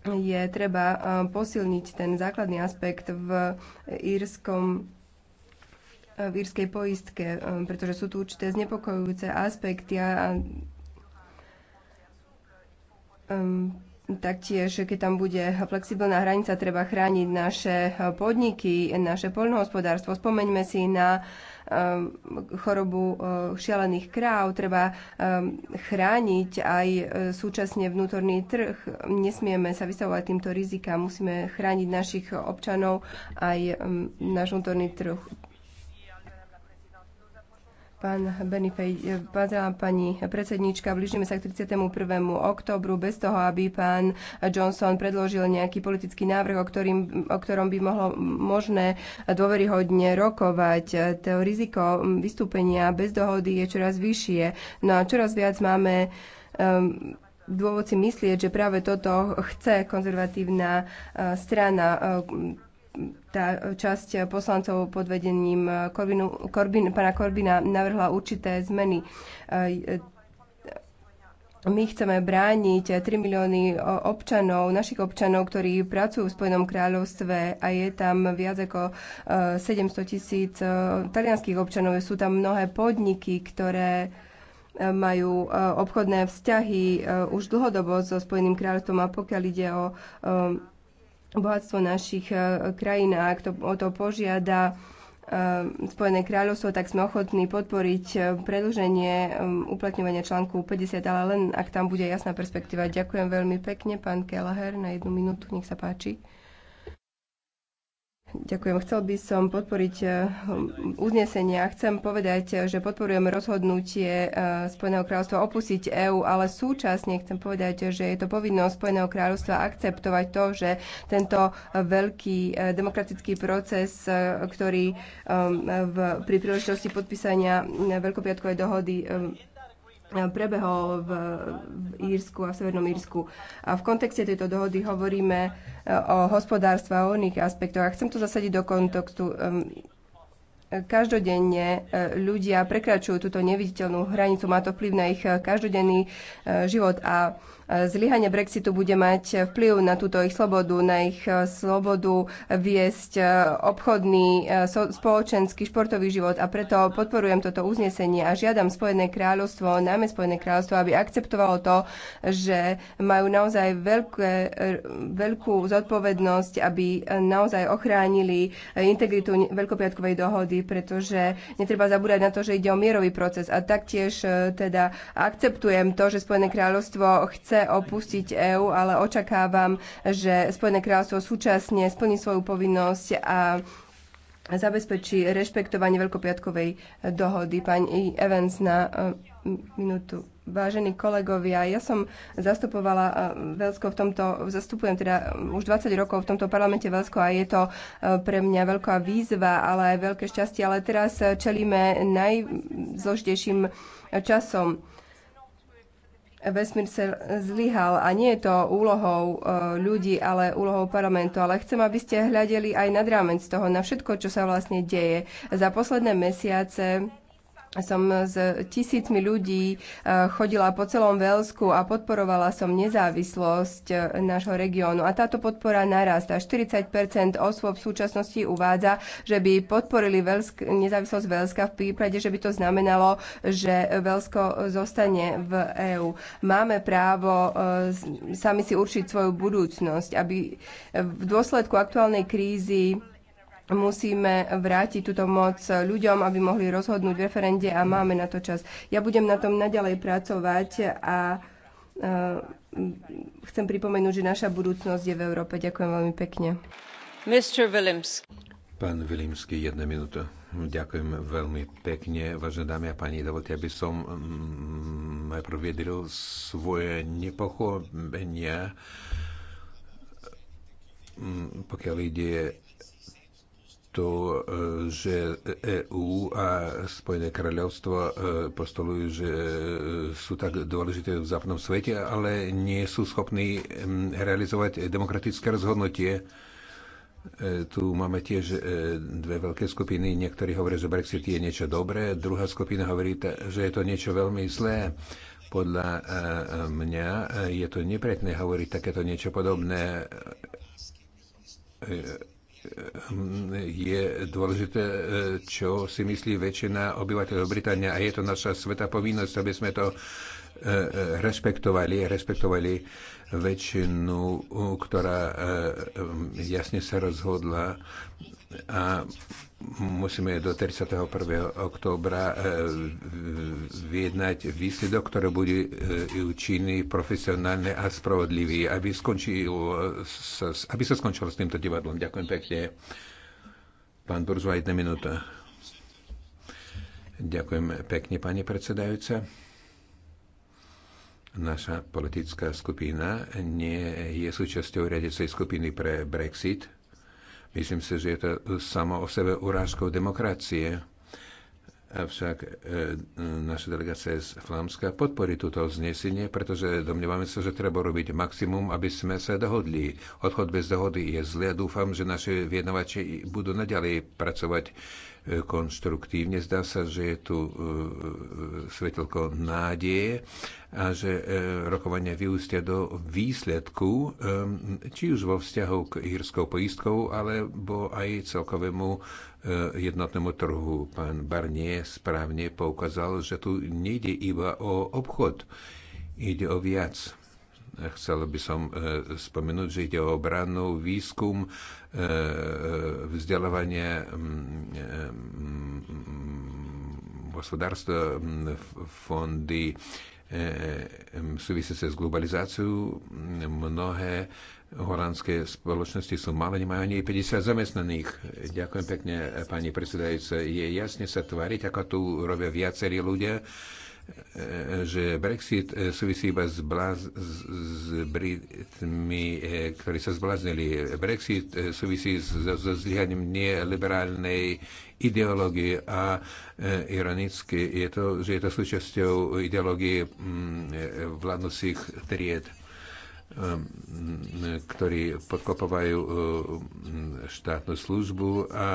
je treba posilniť ten základný aspekt v írskom E, v írskej poistke, e, pretože sú tu určité znepokojujúce aspekty a taktiež, keď tam bude flexibilná hranica, treba chrániť naše e, podniky, naše poľnohospodárstvo. Spomeňme si na chorobu šialených kráv, treba chrániť aj súčasne vnútorný trh. Nesmieme sa vystavovať týmto rizikám, musíme chrániť našich občanov aj náš vnútorný trh. Pán Benifej, pani predsednička, blížime sa k 31. oktobru bez toho, aby pán Johnson predložil nejaký politický návrh, o, ktorým, o ktorom by mohlo možné dôveryhodne rokovať. To riziko vystúpenia bez dohody je čoraz vyššie. No a čoraz viac máme um, dôvod si myslieť, že práve toto chce konzervatívna uh, strana. Uh, tá časť poslancov pod vedením Korbinu, Korbin, pana Korbina navrhla určité zmeny. E, my chceme brániť 3 milióny občanov, našich občanov, ktorí pracujú v Spojenom kráľovstve a je tam viac ako 700 e, tisíc e, talianských občanov. Sú tam mnohé podniky, ktoré majú obchodné vzťahy už dlhodobo so Spojeným kráľovstvom a pokiaľ ide o bohatstvo našich e, krajín a ak to, o to požiada e, Spojené kráľovstvo, tak sme ochotní podporiť e, predlženie uplatňovania článku 50, ale len ak tam bude jasná perspektíva. Ďakujem veľmi pekne, pán Kelleher, na jednu minútu, nech sa páči. Ďakujem. Chcel by som podporiť eh, uznesenia. Chcem povedať, eh, že podporujem rozhodnutie eh, Spojeného kráľovstva opustiť EÚ, ale súčasne chcem povedať, že je to povinnosť Spojeného kráľovstva akceptovať to, že tento veľký demokratický proces, ktorý pri príležitosti podpísania Veľkopiatkovej dohody E, prebehol v, v Írsku a v Severnom Írsku. A v kontexte tejto dohody hovoríme e, o hospodárstve a o iných aspektoch. A chcem to zasadiť do kontextu. Každodenne e, ľudia prekračujú túto neviditeľnú hranicu, má to vplyv na ich každodenný život a Zlyhanie Brexitu bude mať vplyv na túto ich slobodu, na ich e, slobodu viesť e, obchodný, e, spoločenský, športový život a preto podporujem toto uznesenie a žiadam Spojené kráľovstvo, najmä Spojené kráľovstvo, aby akceptovalo to, že majú naozaj veľké, veľkú zodpovednosť, aby naozaj ochránili integritu Veľkopiatkovej dohody, pretože netreba zabúdať na to, že ide o mierový proces a taktiež teda akceptujem to, že Spojené kráľovstvo chce opustiť EÚ, ale očakávam, že Spojené kráľovstvo súčasne splní svoju povinnosť a zabezpečí rešpektovanie Veľkopiatkovej dohody. Pani Evans na e, minútu. Vážení kolegovia, ja som zastupovala e, Velsko v tomto, zastupujem teda e, už 20 rokov v tomto parlamente Velsko a je to pre mňa veľká výzva, ale aj veľké šťastie. Ale teraz čelíme najzložitejším časom vesmír sa zlyhal a nie je to úlohou e, ľudí, ale úlohou parlamentu. Ale chcem, aby ste hľadeli aj nad rámec toho, na všetko, čo sa vlastne deje. Za posledné mesiace som s tisícmi ľudí eh, chodila po celom Velsku a podporovala som nezávislosť eh, nášho regiónu. A táto podpora narastá. 40 osôb v súčasnosti uvádza, že by podporili Velsk, nezávislosť Velska v prípade, že by to znamenalo, že Velsko zostane v EÚ. Máme právo eh, sami si určiť svoju budúcnosť, aby v dôsledku aktuálnej krízy musíme vrátiť túto moc ľuďom, aby mohli rozhodnúť v referende a máme na to čas. Ja budem na tom naďalej pracovať a e, chcem pripomenúť, že naša budúcnosť je v Európe. Ďakujem veľmi pekne. Mr. Williams. Pán Vilimský, jedna minúta. Ďakujem veľmi pekne, vážené dámy a páni. Dovolte, aby som mm, najprv vyjadril svoje nepochopenie, mm, pokiaľ ide to, e, že EU a Spojené kráľovstvo e, postolujú, že e, sú tak dôležité v západnom svete, ale nie sú schopní realizovať demokratické rozhodnutie. Tu máme tiež dve veľké skupiny. Niektorí hovoria, že Brexit je niečo dobré, druhá skupina hovorí, že je to niečo veľmi zlé. Podľa mňa je to nepretné hovoriť takéto niečo podobné je dôležité, čo si myslí väčšina obyvateľov Británie a je to naša sveta povinnosť, aby sme to e, e, rešpektovali, rešpektovali väčšinu, ktorá e, jasne sa rozhodla a musíme do 31. októbra e, vyjednať výsledok, ktorý bude e, účinný, profesionálny a spravodlivý, aby, skončil, aby sa skončilo s týmto divadlom. Ďakujem pekne. Pán Burzva, jedna minúta. Ďakujem pekne, pani predsedajúca. Naša politická skupina nie je súčasťou riadecej skupiny pre Brexit. Myslím si, že je to samo o sebe urážkou demokracie. Avšak e, naša delegácia z Flámska podporí túto znesenie, pretože domnievame sa, že treba robiť maximum, aby sme sa dohodli. Odchod bez dohody je zlý a dúfam, že naši viednovači budú naďalej pracovať konštruktívne. Zdá sa, že je tu e, e, svetelko nádeje a že e, rokovania vyústia do výsledku, či už vo vzťahu k írskou poistkou, alebo aj celkovému jednotnému trhu. Pán Barnier správne poukázal, že tu nejde iba o obchod, ide o viac Chcel by som e, spomenúť, že ide o obranu, výskum, e, e, vzdelávanie hospodárstva, fondy sa s globalizáciou. Mnohé holandské spoločnosti sú malé, nemajú ani 50 zamestnaných. Ďakujem pekne, pani predsedajúce. Je jasne sa tvariť, ako tu robia viacerí ľudia, že Brexit e, súvisí iba s, blaz, s Britmi, e, ktorí sa zbláznili. Brexit e, súvisí so zlyhaním neliberálnej ideológie a ironicky je to, že je to súčasťou ideológie mm, vládnosých tried mm, ktorí podkopovajú mm, štátnu službu a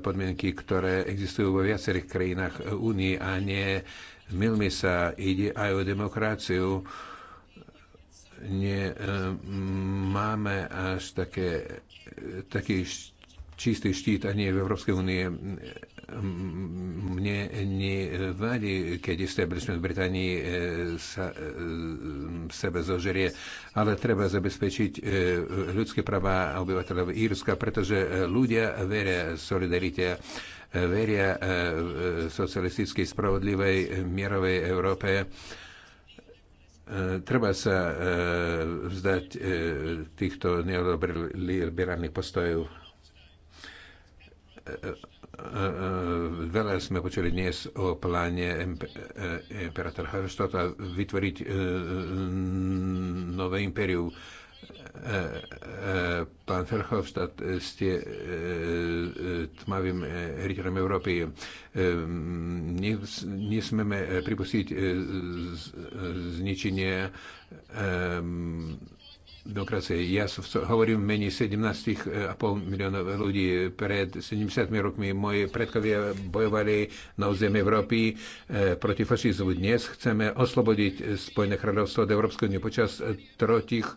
podmienky, ktoré existujú vo viacerých krajinách únie a nie Milmi sa, ide aj o demokraciu. Nie, e, máme až také, taký š, čistý štít a nie v Európskej únie. Mne nevadí, keď establishment v Británii e, sa, e, sebe zožerie, ale treba zabezpečiť e, ľudské práva obyvateľov Írska, pretože ľudia veria solidarite veria e, e, socialistickej, spravodlivej, mierovej Európe. E, treba sa vzdať týchto neoliberálnych postojov. Veľa sme počuli dnes o pláne imperátora Herštota vytvoriť nové imperium E, e, pán Ferhofstadt, e, ste tmavým riaditeľom Európy. Nesmeme pripustiť zničenie demokracie. Ja hovorím v mene 17,5 miliónov ľudí. Pred 70 rokmi moji predkovia bojovali na území Európy proti fašizmu. Dnes chceme oslobodiť Spojené kráľovstvo od Európskej únie počas trotich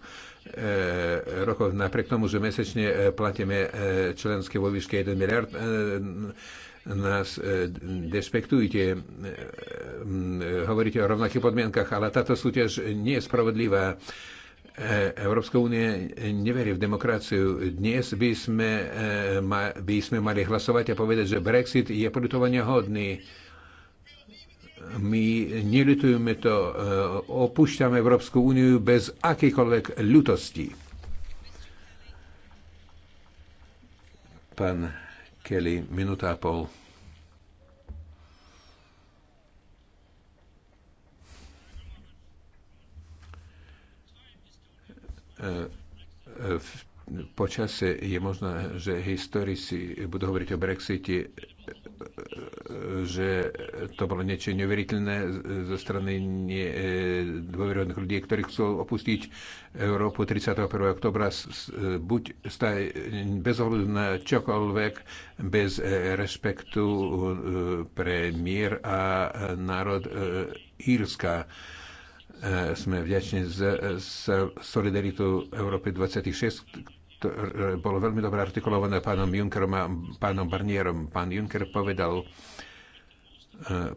E, rokov, Napriek tomu, že mesečne e, platíme e, členské vo výške 1 miliard, nás despektujete, hovoríte o rovnakých podmienkach, ale táto súťaž nie je spravodlivá. Európska únie neverí v demokraciu. Dnes by sme, by sme mali hlasovať a povedať, že Brexit je politovania hodný my nelitujeme to, e, opúšťame Európsku úniu bez akýkoľvek ľutosti. Pán Kelly, minúta a pol. E, e, v počase je možné, že historici budú hovoriť o Brexite že to bolo niečo neuveriteľné zo strany nie, e, dôverodných ľudí, ktorí chcú opustiť Európu 31. oktobra buď staj, bez ohľadu na čokoľvek, bez e, rešpektu e, pre mier a národ Írska sme vďační za solidaritu Európy 26, to e, bolo veľmi dobre artikulované pánom Junckerom a pánom Barnierom. Pán Juncker povedal, e,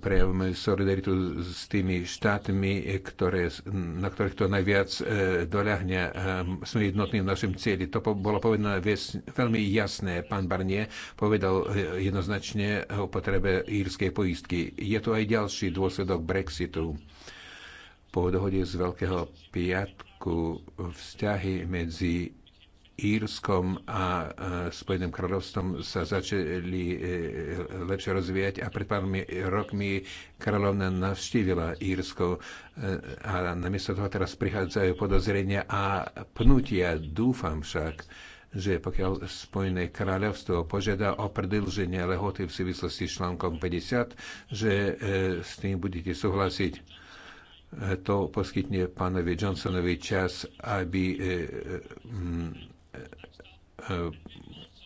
prejavujeme solidaritu s tými štátmi, ktoré, na ktorých to najviac e, doľahne. Sme jednotní v našom cieli. To bolo povedané veľmi jasné. Pán Barnier povedal jednoznačne o potrebe írskej poistky. Je tu aj ďalší dôsledok Brexitu. Po dohode z Veľkého piatku vzťahy medzi Írskom a Spojeným kráľovstvom sa začali e, lepšie rozvíjať a pred pár rokmi kráľovna navštívila Írsko e, a namiesto toho teraz prichádzajú podozrenia a pnutia. Dúfam však, že pokiaľ Spojené kráľovstvo požiada o predlženie lehoty v súvislosti s článkom 50, že e, s tým budete súhlasiť to poskytne pánovi Johnsonovi čas, aby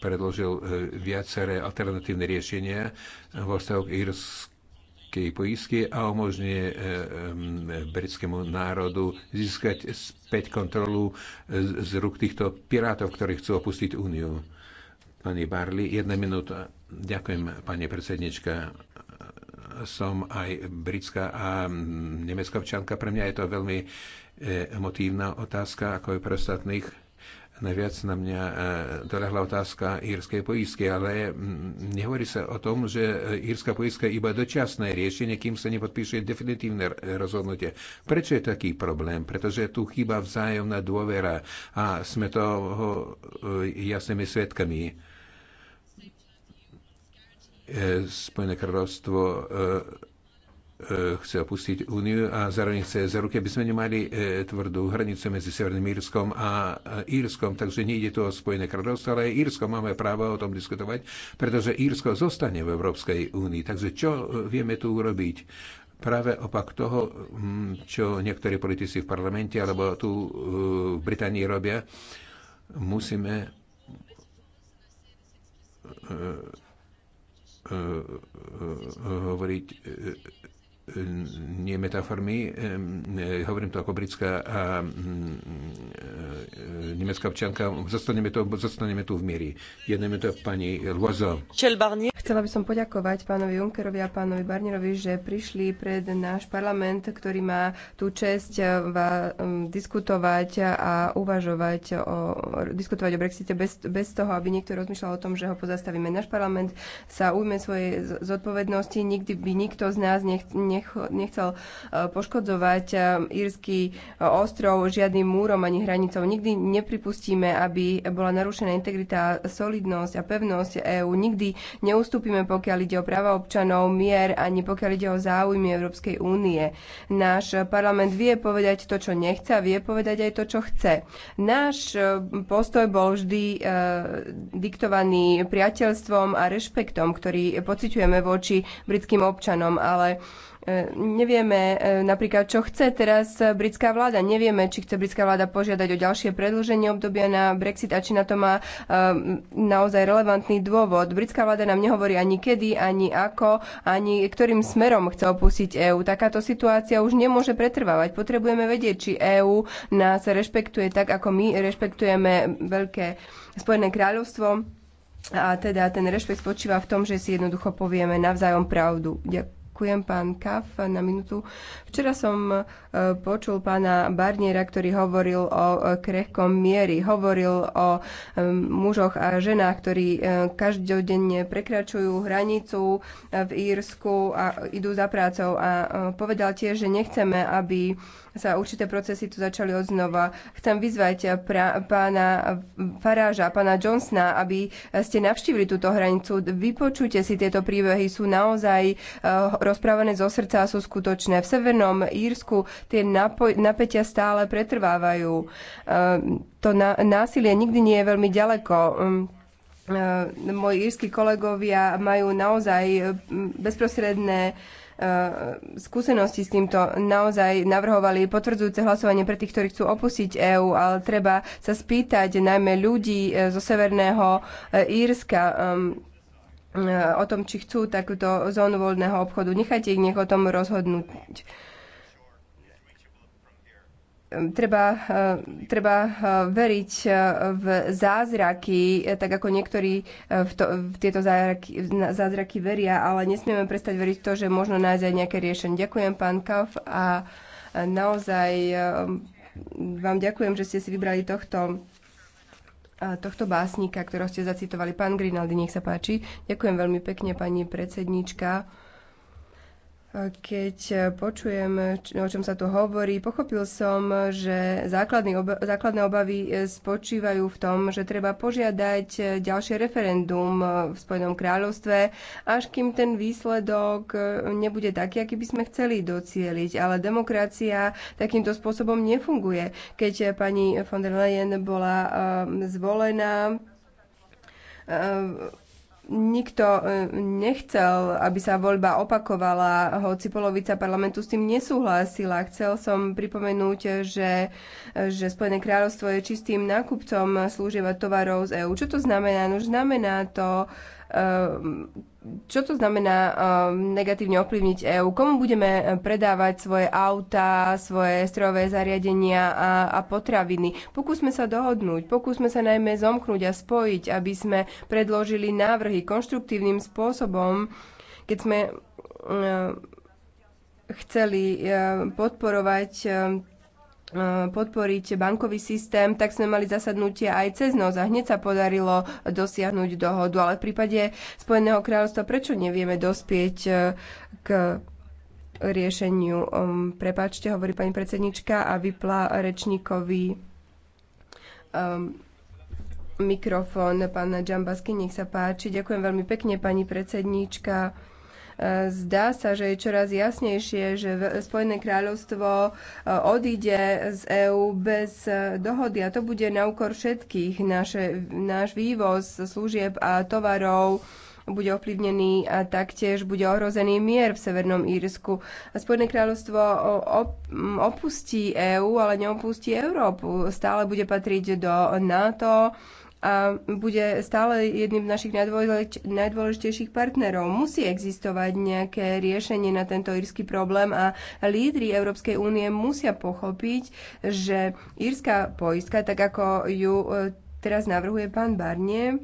predložil e, viaceré alternatívne riešenia vo vzťahu k írskej poísky a umožňuje e, britskému národu získať späť kontrolu e, z rúk týchto pirátov, ktorí chcú opustiť úniu. Pani Barley, jedna minúta. Ďakujem, pani predsednička. Som aj britská a nemecká občanka. Pre mňa je to veľmi emotívna otázka, ako je pre ostatných Najviac na mňa e, dolehla teda otázka írskej poistky, ale nehovorí sa o tom, že írska poistka je iba dočasné riešenie, kým sa nepodpíše definitívne rozhodnutie. Prečo je taký problém? Pretože tu chýba vzájomná dôvera a sme toho e, jasnými svetkami. E, Spojené kráľovstvo E, chce opustiť Úniu a zároveň chce za ruky, aby sme nemali e, tvrdú hranicu medzi Severným Írskom a e, Írskom, takže nejde tu o Spojené kráľovstvo, ale aj Írsko máme právo o tom diskutovať, pretože Írsko zostane v Európskej únii. Takže čo vieme tu urobiť? práve opak toho, čo niektorí politici v parlamente alebo tu v Británii robia, musíme hovoriť nie metaformy, ehm, hovorím to ako britská a mm, e, nemecká občanka, zostaneme, to, zostaneme tu v miery. Jedneme to pani Lozo. Chcela by som poďakovať pánovi Junkerovi a pánovi Barnierovi, že prišli pred náš parlament, ktorý má tú čest e, diskutovať a uvažovať o, diskutovať o Brexite bez, bez toho, aby niekto rozmýšľal o tom, že ho pozastavíme. Náš parlament sa ujme svojej zodpovednosti, nikdy by nikto z nás nech, nechcel e, poškodzovať e, írsky e, ostrov žiadnym múrom ani hranicou. Nikdy nepripustíme, aby bola narušená integrita, solidnosť a pevnosť EÚ. Nikdy neustúpime, pokiaľ ide o práva občanov, mier, ani pokiaľ ide o záujmy Európskej únie. Náš parlament vie povedať to, čo nechce a vie povedať aj to, čo chce. Náš postoj bol vždy e, diktovaný priateľstvom a rešpektom, ktorý pociťujeme voči britským občanom, ale E, nevieme e, napríklad, čo chce teraz e, britská vláda. Nevieme, či chce britská vláda požiadať o ďalšie predlženie obdobia na Brexit a či na to má naozaj relevantný dôvod. Britská vláda nám nehovorí ani kedy, ani ako, ani ktorým smerom chce opustiť EÚ. Takáto situácia už nemôže pretrvávať. Potrebujeme vedieť, či EÚ nás rešpektuje tak, ako my rešpektujeme Veľké Spojené kráľovstvo. A teda ten rešpekt spočíva v tom, že si jednoducho povieme navzájom pravdu. Ďakujem. Ďakujem, pán Kaf, na minútu. Včera som e, počul pána Barniera, ktorý hovoril o e, krehkom miery. Hovoril o e, mužoch a ženách, ktorí každodenne prekračujú hranicu v Írsku a idú za prácou. A povedal tiež, že nechceme, aby sa určité procesy tu začali odznova. Chcem vyzvať pra, pána Faráža, pána Johnsona, aby ste navštívili túto hranicu. Vypočujte si tieto príbehy, sú naozaj eh, rozprávané zo srdca a sú skutočné. V Severnom Írsku tie napätia stále pretrvávajú. Eh, to násilie nikdy nie je veľmi ďaleko mm, eh, moji írsky kolegovia majú naozaj bezprostredné E, skúsenosti s týmto naozaj navrhovali potvrdzujúce hlasovanie pre tých, ktorí chcú opustiť EÚ, ale treba sa spýtať najmä ľudí e, zo Severného e, Írska o tom, či chcú takúto zónu voľného obchodu. Nechajte ich nech o tom rozhodnúť treba, eh, treba eh, veriť eh, v zázraky, tak ako niektorí v, to, v tieto zázraky, zázraky veria, ale nesmieme prestať veriť to, že možno nájsť aj nejaké riešenie. Ďakujem, pán Kauf, a naozaj vám ďakujem, že ste si vybrali tohto tohto básnika, ktorého ste zacitovali. Pán Grinaldi, nech sa páči. Ďakujem veľmi pekne, pani predsednička keď počujem, o čom sa tu hovorí, pochopil som, že základný oba, základné obavy e, spočívajú v tom, že treba požiadať e, ďalšie referendum e, v Spojenom kráľovstve, až kým ten výsledok nebude taký, aký by sme chceli docieliť. Ale demokracia takýmto spôsobom nefunguje. Keď pani von der Leyen bola zvolená, nikto e, nechcel, aby sa voľba opakovala, hoci polovica parlamentu s tým nesúhlasila. Chcel som pripomenúť, že, že Spojené kráľovstvo je čistým nákupcom služieva tovarov z EÚ. Čo to znamená? No, znamená to, Ehm, čo to znamená ehm, negatívne ovplyvniť EÚ? Komu budeme e, predávať svoje auta, svoje strojové zariadenia a, a potraviny? Pokúsme sa dohodnúť, pokúsme sa najmä zomknúť a spojiť, aby sme predložili návrhy konštruktívnym spôsobom, keď sme ehm, chceli podporovať podporiť bankový systém, tak sme mali zasadnutie aj cez noc a hneď sa podarilo dosiahnuť dohodu. Ale v prípade Spojeného kráľovstva prečo nevieme dospieť e, k riešeniu? Prepačte, hovorí pani predsednička a vypla rečníkovi um, mikrofón pána Džambasky. Nech sa páči. Ďakujem veľmi pekne, pani predsednička. Zdá sa, že je čoraz jasnejšie, že Spojené kráľovstvo eh, odíde z EÚ bez eh, dohody a to bude na úkor všetkých. Naše, náš vývoz služieb a tovarov bude ovplyvnený a taktiež bude ohrozený mier v Severnom Írsku. A Spojené kráľovstvo opustí EÚ, ale neopustí Európu. Stále bude patriť do NATO a bude stále jedným z našich najdôležitejších partnerov. Musí existovať nejaké riešenie na tento írsky problém a lídry Európskej únie musia pochopiť, že írska poistka, tak ako ju e, teraz navrhuje pán Barnie,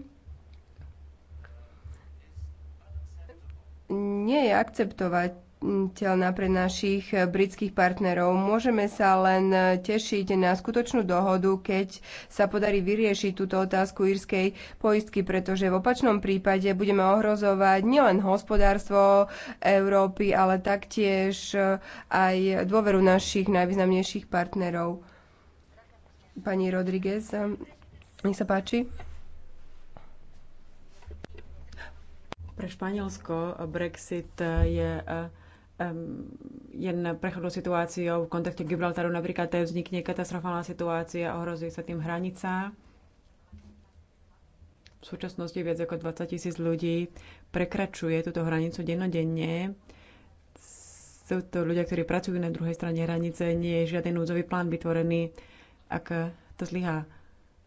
nie je akceptovať priateľná pre našich eh, britských partnerov. Môžeme sa len eh, tešiť na skutočnú dohodu, keď sa podarí vyriešiť túto otázku írskej poistky, pretože v opačnom prípade budeme ohrozovať nielen hospodárstvo Európy, ale taktiež eh, aj dôveru našich najvýznamnejších partnerov. Pani Rodriguez, nech sa páči. Pre Španielsko Brexit je um, jen prechodnou situáciou v kontexte Gibraltaru napríklad vznikne katastrofálna situácia, ohrozí sa tým hranica. V súčasnosti viac ako 20 tisíc ľudí prekračuje túto hranicu dennodenne. Sú to ľudia, ktorí pracujú na druhej strane hranice, nie je žiaden núdzový plán vytvorený, ak to zlyhá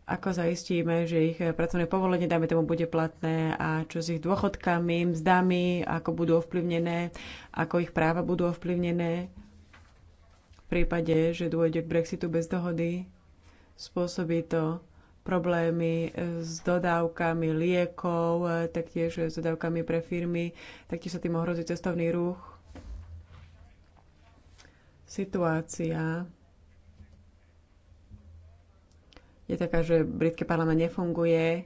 ako zaistíme, že ich pracovné povolenie, dáme tomu, bude platné a čo s ich dôchodkami, mzdami, ako budú ovplyvnené, ako ich práva budú ovplyvnené v prípade, že dôjde k Brexitu bez dohody. Spôsobí to problémy s dodávkami liekov, taktiež s dodávkami pre firmy, taktiež sa tým ohrozí cestovný ruch. Situácia je taká, že britský parlament nefunguje,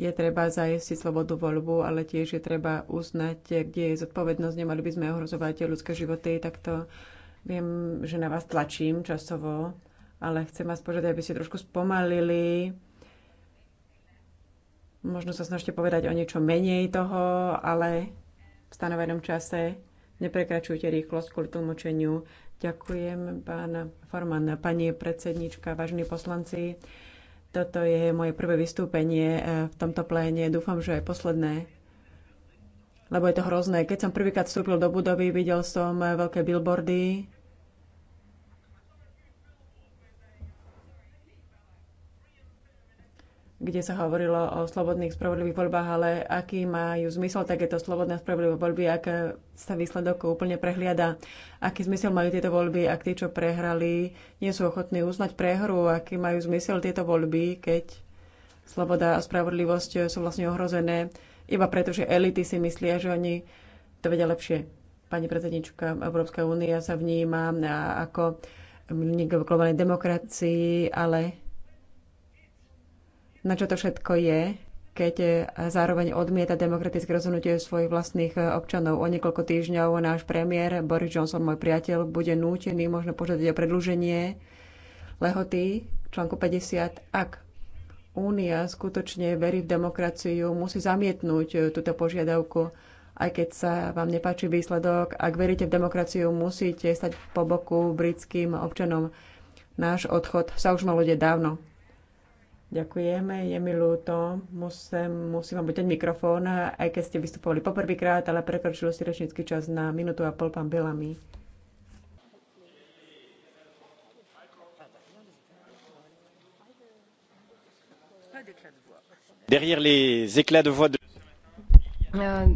je treba zajistiť slobodu voľbu, ale tiež je treba uznať, kde je zodpovednosť. Nemali by sme ohrozovať ľudské životy, tak to viem, že na vás tlačím časovo, ale chcem vás požiadať, aby ste trošku spomalili. Možno sa snažte povedať o niečo menej toho, ale v stanovenom čase neprekračujte rýchlosť kvôli tlmočeniu. Ďakujem, pán Forman. Pani predsednička, vážení poslanci, toto je moje prvé vystúpenie e, v tomto pléne. Dúfam, že aj posledné, lebo je to hrozné. Keď som prvýkrát vstúpil do budovy, videl som e, veľké billboardy kde sa hovorilo o slobodných spravodlivých voľbách, ale aký majú zmysel takéto slobodné spravodlivé voľby, ak sa výsledok úplne prehliada. Aký zmysel majú tieto voľby, ak tí, čo prehrali, nie sú ochotní uznať prehru, aký majú zmysel tieto voľby, keď sloboda a spravodlivosť sú vlastne ohrozené, iba preto, že elity si myslia, že oni to vedia lepšie. Pani predsednička, Európska únia sa vníma ako v globálnej demokracii, ale na čo to všetko je, keď zároveň odmieta demokratické rozhodnutie svojich vlastných občanov. O niekoľko týždňov náš premiér Boris Johnson, môj priateľ, bude nútený možno požiadať o predlženie lehoty článku 50, ak Únia skutočne verí v demokraciu, musí zamietnúť túto požiadavku, aj keď sa vám nepáči výsledok. Ak veríte v demokraciu, musíte stať po boku britským občanom. Náš odchod sa už mal ľudia dávno. Ďakujeme, je mi ľúto. Musím, musím vám buteť mikrofón, aj keď ste vystupovali poprvýkrát, ale prekročil si rečnícky čas na minútu a pol pán Belami. Derrière les éclats de voix de euh,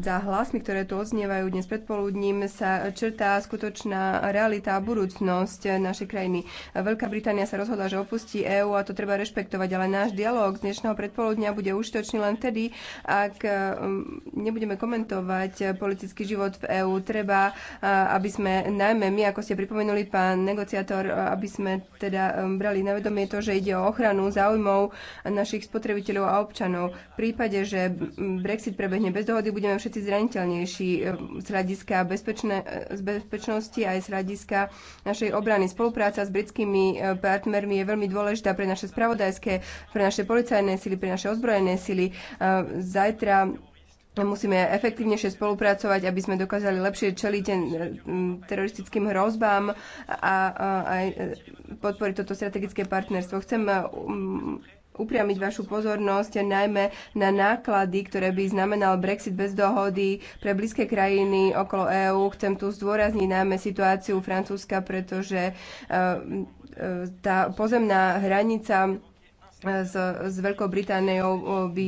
za hlasmi, ktoré tu odznievajú dnes predpoludním, sa črtá skutočná realita a budúcnosť našej krajiny. Veľká Británia sa rozhodla, že opustí EÚ a to treba rešpektovať, ale náš dialog z dnešného predpoludnia bude užitočný len vtedy, ak e, nebudeme komentovať politický život v EÚ. Treba, e, aby sme najmä my, ako ste pripomenuli, pán negociátor, e, aby sme teda brali na vedomie to, že ide o ochranu záujmov našich spotrebiteľov a občanov. V prípade, že Brexit prebehne bez dohody, dohody budeme všetci zraniteľnejší eh, z hľadiska eh, z bezpečnosti aj z hľadiska našej obrany. Spolupráca s britskými eh, partnermi je veľmi dôležitá pre naše spravodajské, pre naše policajné sily, pre naše ozbrojené sily. Zajtra musíme efektívnejšie spolupracovať, aby sme dokázali lepšie čeliť teroristickým hrozbám a aj podporiť toto strategické partnerstvo. Chcem um, upriamiť vašu pozornosť najmä na náklady, ktoré by znamenal Brexit bez dohody pre blízke krajiny okolo EÚ. Chcem tu zdôrazniť najmä situáciu Francúzska, pretože e, e, tá pozemná hranica e, s, s Veľkou Britániou by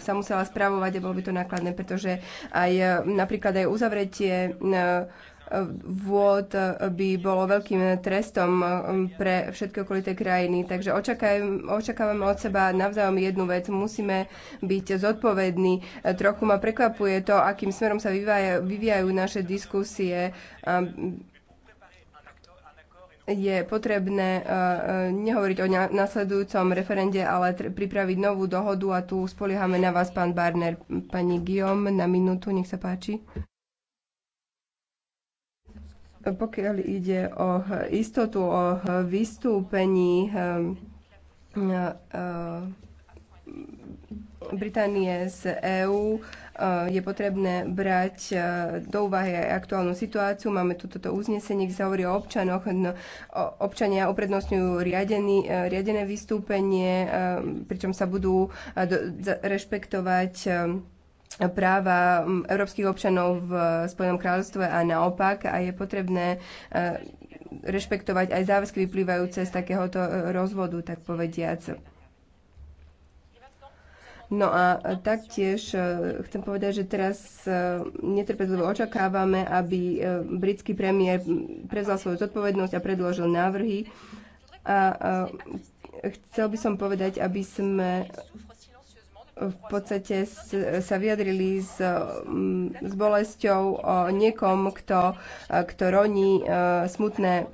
sa musela spravovať a bolo by to nákladné, pretože aj napríklad aj uzavretie vôd by bolo veľkým trestom um, pre všetky okolité krajiny. Takže očakávame od seba navzájom jednu vec. Musíme byť zodpovední. Trochu ma prekvapuje to, akým smerom sa vyvíjajú, vyvíjajú naše diskusie um, je potrebné uh, uh, nehovoriť o nasledujúcom referende, ale pripraviť novú dohodu a tu spoliehame na vás, pán Barner. Pani Guillaume, na minútu, nech sa páči. Pokiaľ ide o istotu o vystúpení ehm, e, e, Británie z EÚ e, je potrebné brať do úvahy aj aktuálnu situáciu. Máme tu toto uznesenie, kde sa hovorí o občanoch. No, občania uprednostňujú riadený, riadené vystúpenie, pričom sa budú rešpektovať práva európskych občanov v Spojenom kráľovstve a naopak a je potrebné e, rešpektovať aj záväzky vyplývajúce z takéhoto e, rozvodu, tak povediac. No a e, taktiež chcem povedať, že teraz netrpezlivo očakávame, aby britský premiér prevzal svoju zodpovednosť a predložil návrhy. A chcel by som povedať, aby sme v podstate sa vyjadrili s, mm, s bolesťou o niekom, kto, kto roní e, smutné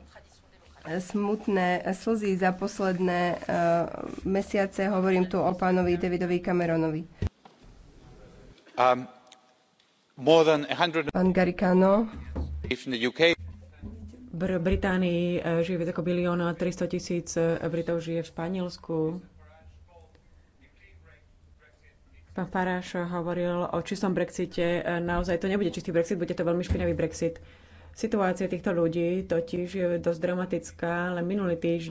smutné slzy za posledné e, mesiace. Hovorím tu o pánovi Davidovi Cameronovi. Um, more than 100... Pán Garicano. V Británii e, žije viac ako bilión 300 tisíc Britov žije v Španielsku Pán Faráš hovoril o čistom Brexite. Naozaj to nebude čistý Brexit, bude to veľmi špinavý Brexit. Situácia týchto ľudí totiž je dosť dramatická, ale minulý týždeň